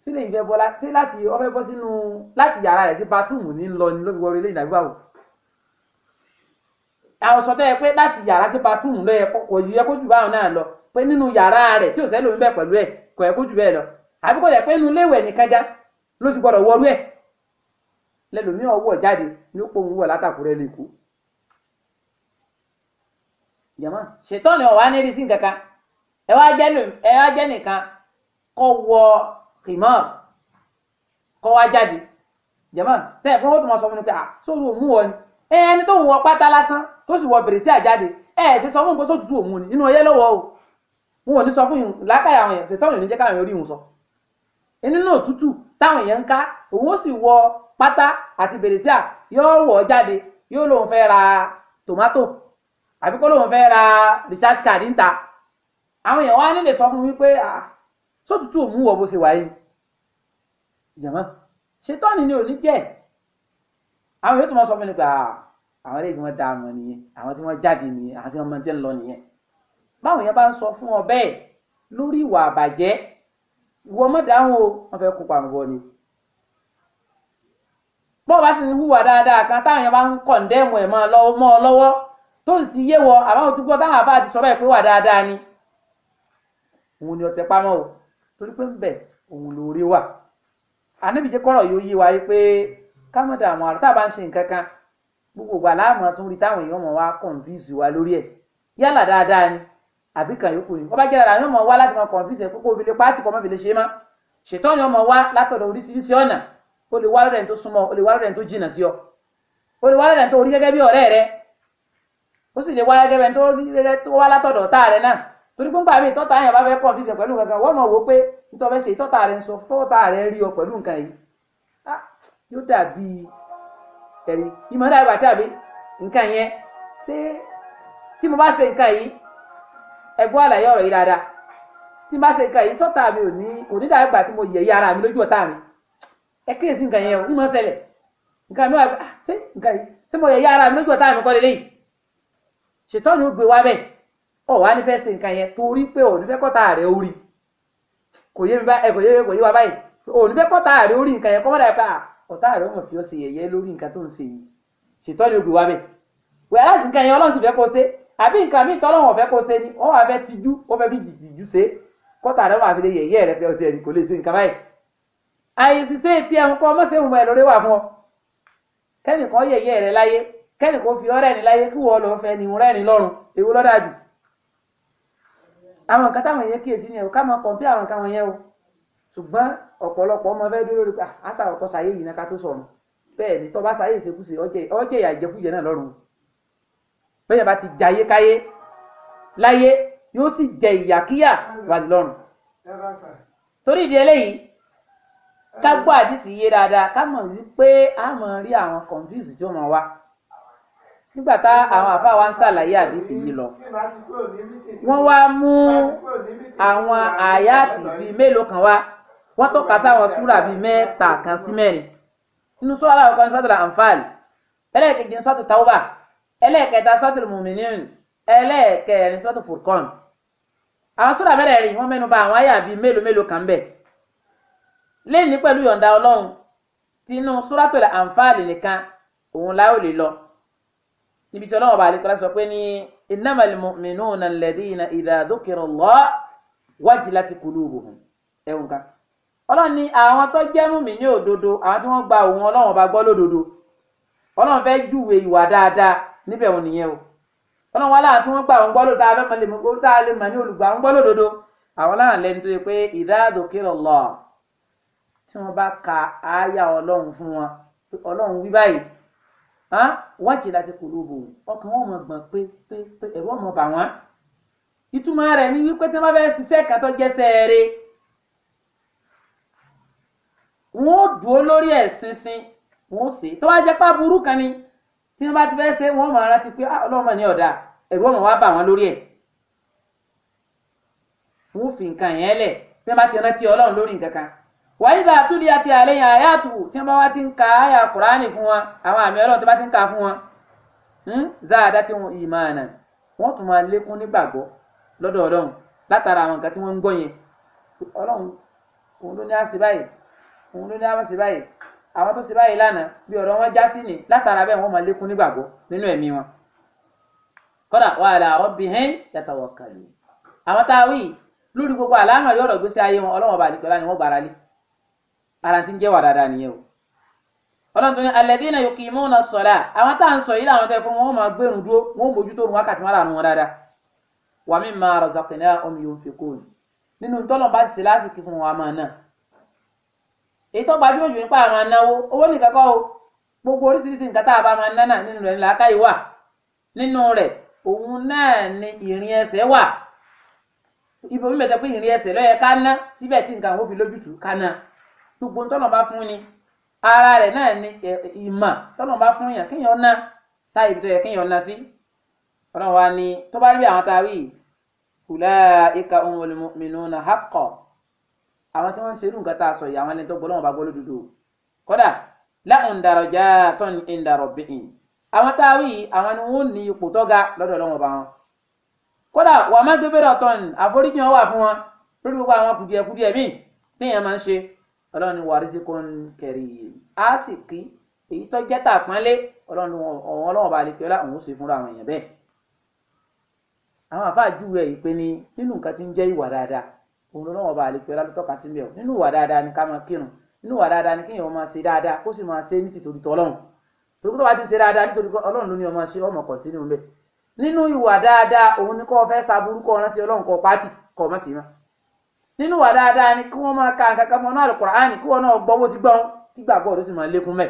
[SPEAKER 1] sílẹ̀ ìfẹ́ bọ́lá sí láti ọfẹ́ bọ́ sínú láti yàrá rẹ̀ sí batúùmù ní lọ ni ló fi wọlé lẹ́yìn àbíwáwò àwọn sọtẹ́ yẹ pé láti yàrá sí batúùmù lọ yẹ kò yẹ kó jù báwọn náà lọ pé nínú yàrá rẹ̀ tí ò sẹ́ lómi bẹ́ẹ̀ pẹ̀lú ẹ̀ kò yẹ kó jù bẹ́ẹ̀ lọ àbí kò yẹ pé inú léwẹ̀ nìkan já ló ti gbọdọ̀ wọlú ẹ̀ lẹ́lòmíọ̀ wọ̀ jáde ní ó pòun wọ̀ látàkùrẹ́ lè kú jẹmọ ṣètọ́ ni ọ̀wá ní rísí kankan ẹ wá jẹ́ nìkan kọ́ wọ kìmọ́ kọ́ wá jáde jẹmọ sẹ́yìn fún wọn tó máa sọ fún mi pé à sóòtú òmù wọ ni ẹ ẹni tó wọ pátá lásán tó sì wọ bèrèsí àjáde ẹ ẹ ti sọ fún mi pé sóòtú òmù ni nínú ọyẹ lọ́wọ́ o wọn ò ní sọ fún yìí lákàyà àwọn èèyàn ṣètọ́ ní jẹ́ káwọn orí wọn sọ nínú òtútù táwọn èèyàn ń ká òun sì wọ pátá àti bèrèsí à yóò wọ̀ jáde yóò lóun fẹ́ ra tòmátò àbí kó lóun fẹ́ ra recharge card ń ta àwọn èèyàn wá nílé sọ fún mi pé sótútù mú wọ bó ṣe wáyé jẹ̀mọ́ ṣetán ni ò ní jẹ́ àwọn yóò tún máa sọ fún mi pé àwọn eléyìí tí wọ́n da àwọn nìyẹn àwọn tí wọ́n jáde nìyẹn àwọn tí wọ́n máa ń tẹ́ ń lọ nìyẹn báwọn yẹn bá ń sọ fún ọ bẹ́ẹ̀ lórí ìwà àbàjẹ́ ìwọ má o wọ́n fẹ́ kópa àwọn bọ́ọ̀lù bọ́ọ̀ bá sì ń hùwà dáadáa kan táwọn yẹn bá ń kọ̀ǹdẹ́mù ẹ̀ máa lọ́wọ́ tó sì ti yé wọ àbáwọn tó gbọ́ táwọn àbá ti sọ báyìí pé wà dáadáa ni òun ni ọ̀tẹ̀ pamọ́ o torí pé ń bẹ̀ òun lóore wà ànábì jẹ́ kọ́rọ̀ yóò yé wa yìí pé kámọ́dà àwọn àrùn tábà ń ṣe nǹkan kan gbogbo ìgbà láàmú tó ń rí táwọn èèyàn mọ̀ wá kọ̀ǹfíìsì wa lórí ẹ̀ yálà dáadáa ni àbí kan yòókù ni ọba jẹ́ra àwọn ọmọ wa láti mọ kọ̀ǹfíìsì ẹ̀ kókó òbílẹ̀ pàtì kọ́ mọ́bìlẹ̀ ṣe má ṣètọ́ni ọmọ wa látọ̀dọ̀ oríṣiríṣi ọ̀nà ó lè wá lọ́dẹ̀ tó súnmọ́ ó lè wá lọ́dẹ̀ tó jìnnà sí ọ ó lè wá lọ́dẹ̀ tó orí gẹ́gẹ́ bí ọ̀rẹ́ rẹ ó sì lè wáyé gẹ́gẹ́ tó wá látọ̀dọ̀ tá rẹ náà torí gbọ́ngbà mi tọ́ta yẹn bá fẹ́ kọ̀ǹfìsẹ̀ pẹ̀lú nǹkan kan wọ́n mọ̀ wò pé nítorí fẹ́ ṣe tọ́ta rẹ ń sọ tọ́ta rẹ rí ọ pẹ̀lú nǹkan yìí ah, yóò dàbí ẹ̀rí ìmọ̀ dàbí bàtà mi nǹkan yẹn ṣé tí mo bá ṣe nǹkan yìí ẹ̀gbọ́n àlàyé ọ̀rọ̀ yìí dáadáa tí mo bá ṣe nǹkan yìí sọ́ta mi ò ní kò ní dàgbà tí mo yẹ̀yẹ́ ara mi lójú ọ̀tá mi ẹ kíyèsí nǹkan yẹn o ìmọ̀ ṣẹlẹ̀ nǹkan mi wà ah, ṣé nǹkan yìí ṣé mo yẹ̀yẹ́ ara mi lójú ọ̀tá mi kọ́ lélẹ́yìí ṣètọ́nù gbé wá bẹ́ẹ̀ ọ̀ wá ní fẹ́ ṣe nǹkan yẹn torí pé ò ní fẹ́ kọ́ta rẹ̀ orí kò yé mi bá ẹ kò yé kò yé wa báyìí ò ní fẹ́ kọ́ta rẹ̀ orí nǹkan yẹn kọ́ mọ́dà pé ọ̀tá rẹ̀ ọmọ fi ọ́ ṣe yẹ̀yẹ́ lórí nǹkan tó ń ṣe yìí ṣètọ́nù gbé wá bẹ́ẹ̀ wẹ́ aláṣì nǹkan yẹn ọlọ́run sì fẹ́ kó ṣe àbí nǹkan míì tọ́lọ́wọ̀n fẹ́ kó ṣe ni wọ́n wá fẹ́ tijú ó fẹ́ fi jìjìjú ṣe kọ́ta rẹ̀ wà fi lè yẹ̀yẹ́ rẹ̀ fẹ́ ọtí ẹni kò lè ṣe nǹkan báyìí àyè sì ṣe ti ẹ̀hún kọ́ mọ́ṣẹ́ òun ẹ̀rọ rẹ̀ wà fún ọ kẹ́mìkan yẹ̀yẹ́ rẹ̀ láyé kẹ́ni kò fi ọ̀rẹ́ ni láyé kí wọ́n lọ fẹ́ ni ìwọ̀n ni lọ́rùn èwo lọ́dà jù àwọn nǹkan táwọn èèyàn kíyèsí ni ẹ̀ ká máa kọ̀ǹpí àwọn nǹkan wọn yẹn o ṣùgbọ́n ọ̀pọ̀lọpọ̀ ọmọ fẹ́ dúró lórí pé àtà ah, ọ̀kọ́ sàyé yìí náà ká tó sọ̀rọ̀ bẹ́ẹ̀ ni tọ́ba sàyé ìṣekúṣe ọjẹ́ ìyà ìjẹkújẹ náà lọ́rùn bẹ́ẹ̀ bá ti jayé káyé láyé yóò sì jẹ ìyàkíyà wà lọ́rùn torí ìdí eléyìí ká gbọ́ àdìsí yé dáadáa ká mọ̀ wípé a máa rí àwọn kọ̀ǹfíìsì tí ó wá nígbà tá àwọn àfáà wa ń ṣàlàyé àdìsí yìí lọ wọ́n wá mú àwọn àyàtì bíi mélòó kan wá wọ́n tọ́ka sáwọn súrà bíi mẹ́ta kan sí mẹ́rin nínú súrà aláwọ̀ kan sọ́tò àǹfààní ẹlẹ́ẹ̀kejì sọ́tò tàwùbà ẹlẹ́ẹ̀kẹta sọ́tò mùmìnín ẹlẹ́ẹ̀kẹrin sọ́tò furqan àwọn súrà mẹ́rẹ̀ẹ̀rin wọ́n mẹ́nu bà àwọn àyà bíi mélòó mélòó kan bẹ̀ lẹ́yìn pẹ̀lú yọ̀ǹda ọlọ́run tinú súrà tó lẹ̀ àǹfààní nìkan òun láò lè lọ níbi tí ọlọ́wọ́ bá lè kọ́lá sọ pé ní innamal mu'minuna alladhina idha dhukira Allah wajilat qulubuhum ẹ̀wùn kan. ọlọ́run ní àwọn tó jẹ́ mùmínì òdodo àwọn tí wọ́n gba òun ọlọ́run bá gbọ́ lódodo ọlọ́run fẹ́ júwe ìwà dáadáa níbẹ̀ nìyẹn o ọlọ́run wá wọ́n gba òun gbọ́ lódodo àwọn á wájì láti kò lóbo ọkàn wọn mọ gbọn pé pé pé ẹ̀rọ ọmọ bà wọ́n ìtumọ̀ rẹ̀ ni wípé tí wọ́n bá fẹ́ ṣiṣẹ́ kan tó jẹ́sẹ̀ rẹ̀ wọn ò dúró lórí ẹ̀ ṣinṣin wọn ò ṣe tó wá jẹ́ pá burú kan ni tí wọ́n bá ti fẹ́ ṣe wọn ah, mọ̀ ara ti pé ọlọ́mọ ní ọ̀dà ẹ̀rọ ọmọ wa bà wọ́n lórí ẹ̀ wọn ò fi nǹkan yẹn lẹ̀ tí wọ́n bá ti rántí ọlọ́run lórí nǹkan kan wọ́n yìí bá a àti àlẹ́yìn àyàtù tí wọ́n bá wá ti ń ka àyà kùránì fún wa àwọn àmì ọlọ́run tó bá ti ń ka fún wa záàdá tí wọn ìmọ̀ àná wọ́n tún máa lékún nígbàgbọ́ lọ́dọ̀ ọlọ́run látara àwọn nǹkan tí wọ́n ń gbọ́ yẹn ọlọ́run òun ló ní àṣẹ báyìí òun ló ní àṣẹ báyìí àwọn tó ṣe báyìí lánàá bí ọ̀rọ̀ wọn já sí ni látara bẹ́ẹ̀ wọ́n máa lékún nígbàgbọ́ nínú ẹ̀mí wọn kódà wà á là rọ́bì hẹ́n yàtọ̀ wọ̀ kàlù àwọn táwí lórí gbogbo àlámọ̀ yọ̀rọ̀ gbèsè ayé wọn ọlọ́wọ́n bá àdìgbọ́lá ni wọ́n gbára lé ara ti ń jẹ́ wà dáadáa nìyẹn o ọlọ́run tó ní alladhina yuqimuna as-salah àwọn tá à ń sọ yìí làwọn tẹ́ fún wọn máa gbẹ̀rù dúró wọn ò mójútó wa mimma razaqnahum yunfiqun nínú tọ́lọ̀ bá ṣe lásìkò fún wọn àmọ́ náà èyí o gbogbo oríṣiríṣi a bá máa ná náà nínú ni ìrìn ẹsẹ̀ gbogbo tọ́lọ̀ bá fún ni ara rẹ̀ náà ni ìmọ̀ tọ́lọ̀ bá fún yàn kéèyàn ná táyì tó yẹ kéèyàn ná sí ọlọ́run wa ni tó bá rí àwọn táwí ulaika humul mu'minuna haqqan àwọn tí wọ́n ń serú nǹkan tá a sọ yìí àwọn ẹni tó gbọ́lọ́wọ́n bá gbọ́ lódodo kódà lahum darajatun inda rabbihim àwọn táwí àwọn ni wọ́n ní ipò tó ga lọ́dọ̀ ọlọ́wọ́n bá wọn kódà wà má gbé bẹ́rẹ̀ ọ̀tọ̀ ní àforíjì wọn wà fún wọn lórí gbogbo àwọn kùdìẹ̀kùdìẹ̀ míì téèyàn máa ń ṣe ọlọ́run ni wàrísí kò ń kẹrì á sì kí èyí tó jẹ́ tàpọ́nlé ọlọ́run ọ̀hún ọlọ́run bá lè fi ọlá òun ó ṣe fúnra àwọn èèyàn bẹ́ẹ̀ àwọn àfa àjúwe ẹ̀ pé ni nínú nǹkan tí ń jẹ́ ìwà dáadáa òun ọlọ́run bá lè fi ọlá tọ́ka sí mẹ́ọ̀ nínú ìwà dáadáa ni ká máa kírun nínú ìwà dáadáa ni kéèyàn máa ṣe dáadáa kó sì máa ṣe ní tìtorí tọ́lọ́run torí tó bá ti ṣe dáadáa nítorí ọlọ́run ló ní ọmọ ṣe ọmọ kọ̀ọ̀tínú bẹ́ẹ̀ nínú ìwà dáadáa òun ni kó o fẹ́ sa burúkọ rántí ọlọ́run kọ pátì kọ ọmọ sí máa nínú wà dáadáa ni kí wọ́n máa ka nkàkà kan náà Al-Qur'ani wọ́n náà gbọ́ ti gbọ́n kí gbàgbọ́ sì máa lékún mẹ́.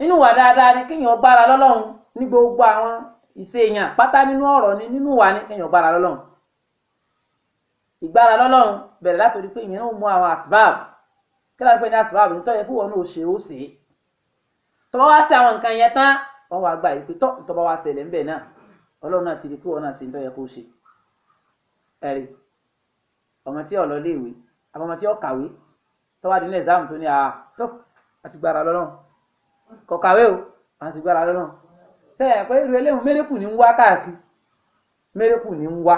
[SPEAKER 1] nínú wà dáadáa ni bára lọ́lọ́run ní gbogbo àwọn nínú ọ̀rọ̀ ni nínú wà ni bára lọ́lọ́run. ìgbára lọ́lọ́run bẹ̀rẹ̀ látòrí wọn ọmọ tí ọ̀lọ́ lè wé àbọ̀mọ tí ọ̀kàwé tọ́wá dín ní ẹ̀sáàmù tó ní àá ah, tó àti gbára lọ́lọ́run kọ̀kàwé o àti gbára lọ́lọ́run tẹ́ ẹ̀ pé irú eléhùn mérekù ní ń wá káàkiri mérekù ní ń wá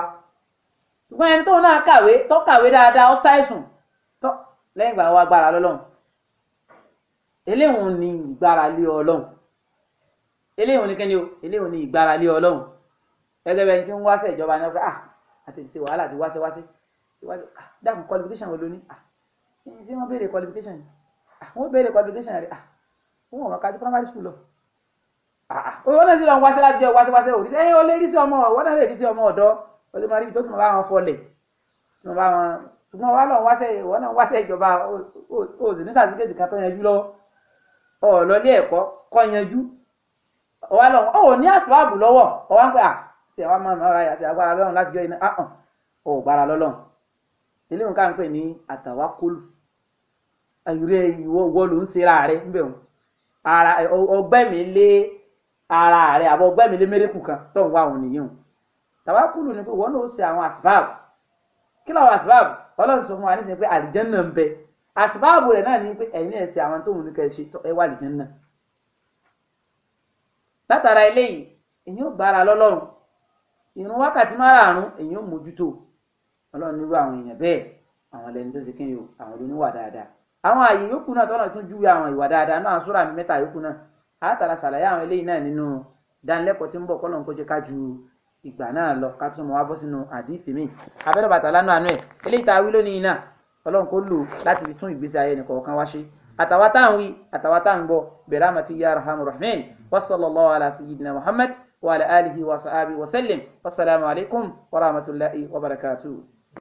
[SPEAKER 1] ṣùgbọ́n ẹni tóun náà kàwé tó kàwé dáadáa ó ṣàìsùn tó lẹ́yìn ìgbà wa gbára lọ́lọ́run eléhùn ni ìgbára lé ọlọ́run eléhùn ni kẹ́ni o eléhùn ni ìgbára lé ọlọ́run gẹ́gẹ́ bẹ́ẹ̀ ni kí ń wáṣẹ̀ ìjọba ni wọ́n fẹ́ à ah, ti wáṣẹ́ ìwádìí ah, dàkún qualification wo ló ní ṣé ah, wọ́n béèrè qualification yìí ah, wọ́n béèrè qualification rẹ̀ wọ́n wọ́n kájú primary school lọ. òyìnbó náà sì lọ wáṣẹ́ láti jẹ́ wáṣẹ́wáṣẹ́ òrí eh, ṣé ó lè rí sí ọmọ ọ̀wọ́ náà lè rí sí ọmọ ọ̀dọ́ ó lè máa rí ibi tó tún bá wọn fọlẹ̀ tún bá wọn ṣùgbọ́n wọ́n náà wáṣẹ́ ìwọ́ náà wáṣẹ́ ìjọba òsì ní sàtìkẹ́tì ká tó yanjú lọ́wọ́ ọ̀ọ́lọ́lé ẹ̀kọ́ kọ́ yanjú ọwọ́ lọ ọ̀ ní àsìwáàbù lọ́wọ́ ọwọ́ ń pẹ́ à ṣe àwọn máa ń ra àti agbára lọ́run láti jọ iná ọ̀gbára lọ́lọ́run ilé wọn ká ń pè ní àtàwákólù ayúlẹ̀ ìwọ ló ń ṣera rẹ níbẹ̀ wọn ara ọgbẹ́ mi lé ara rẹ àbọ̀ ọgbẹ́ mi lé mérekù kan tó ń wá wọn tàwákólù ni pé wọn náà ṣe àwọn àsìbáàbù kí làwọn àsìbáàbù ọlọ́run sọ fún wa nísìnyí pé àlìjẹ́nà ń bẹ náà pé ẹ̀yin ẹ̀ ṣe àwọn ní ẹ ṣe ọlọ́run nírú àwọn èèyàn bẹ́ẹ̀ àwọn lẹni tó ṣe kí ni o àwọn ló níwà dáadáa àwọn àyè yòókù náà tọ́nà tún júwe àwọn ìwà dáadáa náà sóra mẹ́ta yòókù náà àtàrà ṣàlàyé àwọn eléyìí náà nínú ìdánilẹ́kọ̀ọ́ tí ń bọ̀ kọ́lọ́n kó jẹ́ ká ju ìgbà náà lọ ká tún mọ̀ wá bọ́ sínú àdìsí mi abẹ́rẹ́ bàtà lánàá àánú ẹ̀ eléyìí tá a wí lónìí náà ọlọ́run kó lò láti fi tún ìgbésí ayé nìkọ̀ọ̀kan wá ṣe àtàwa tá wí àtàwa tá à ń bọ̀ bẹ̀rẹ̀ àmàtí yá rahman wa sallallahu ala sayyidina muhammad wa alihi wa sahabi wa sallim alaykum wa rahmatulahi wa barakatuh.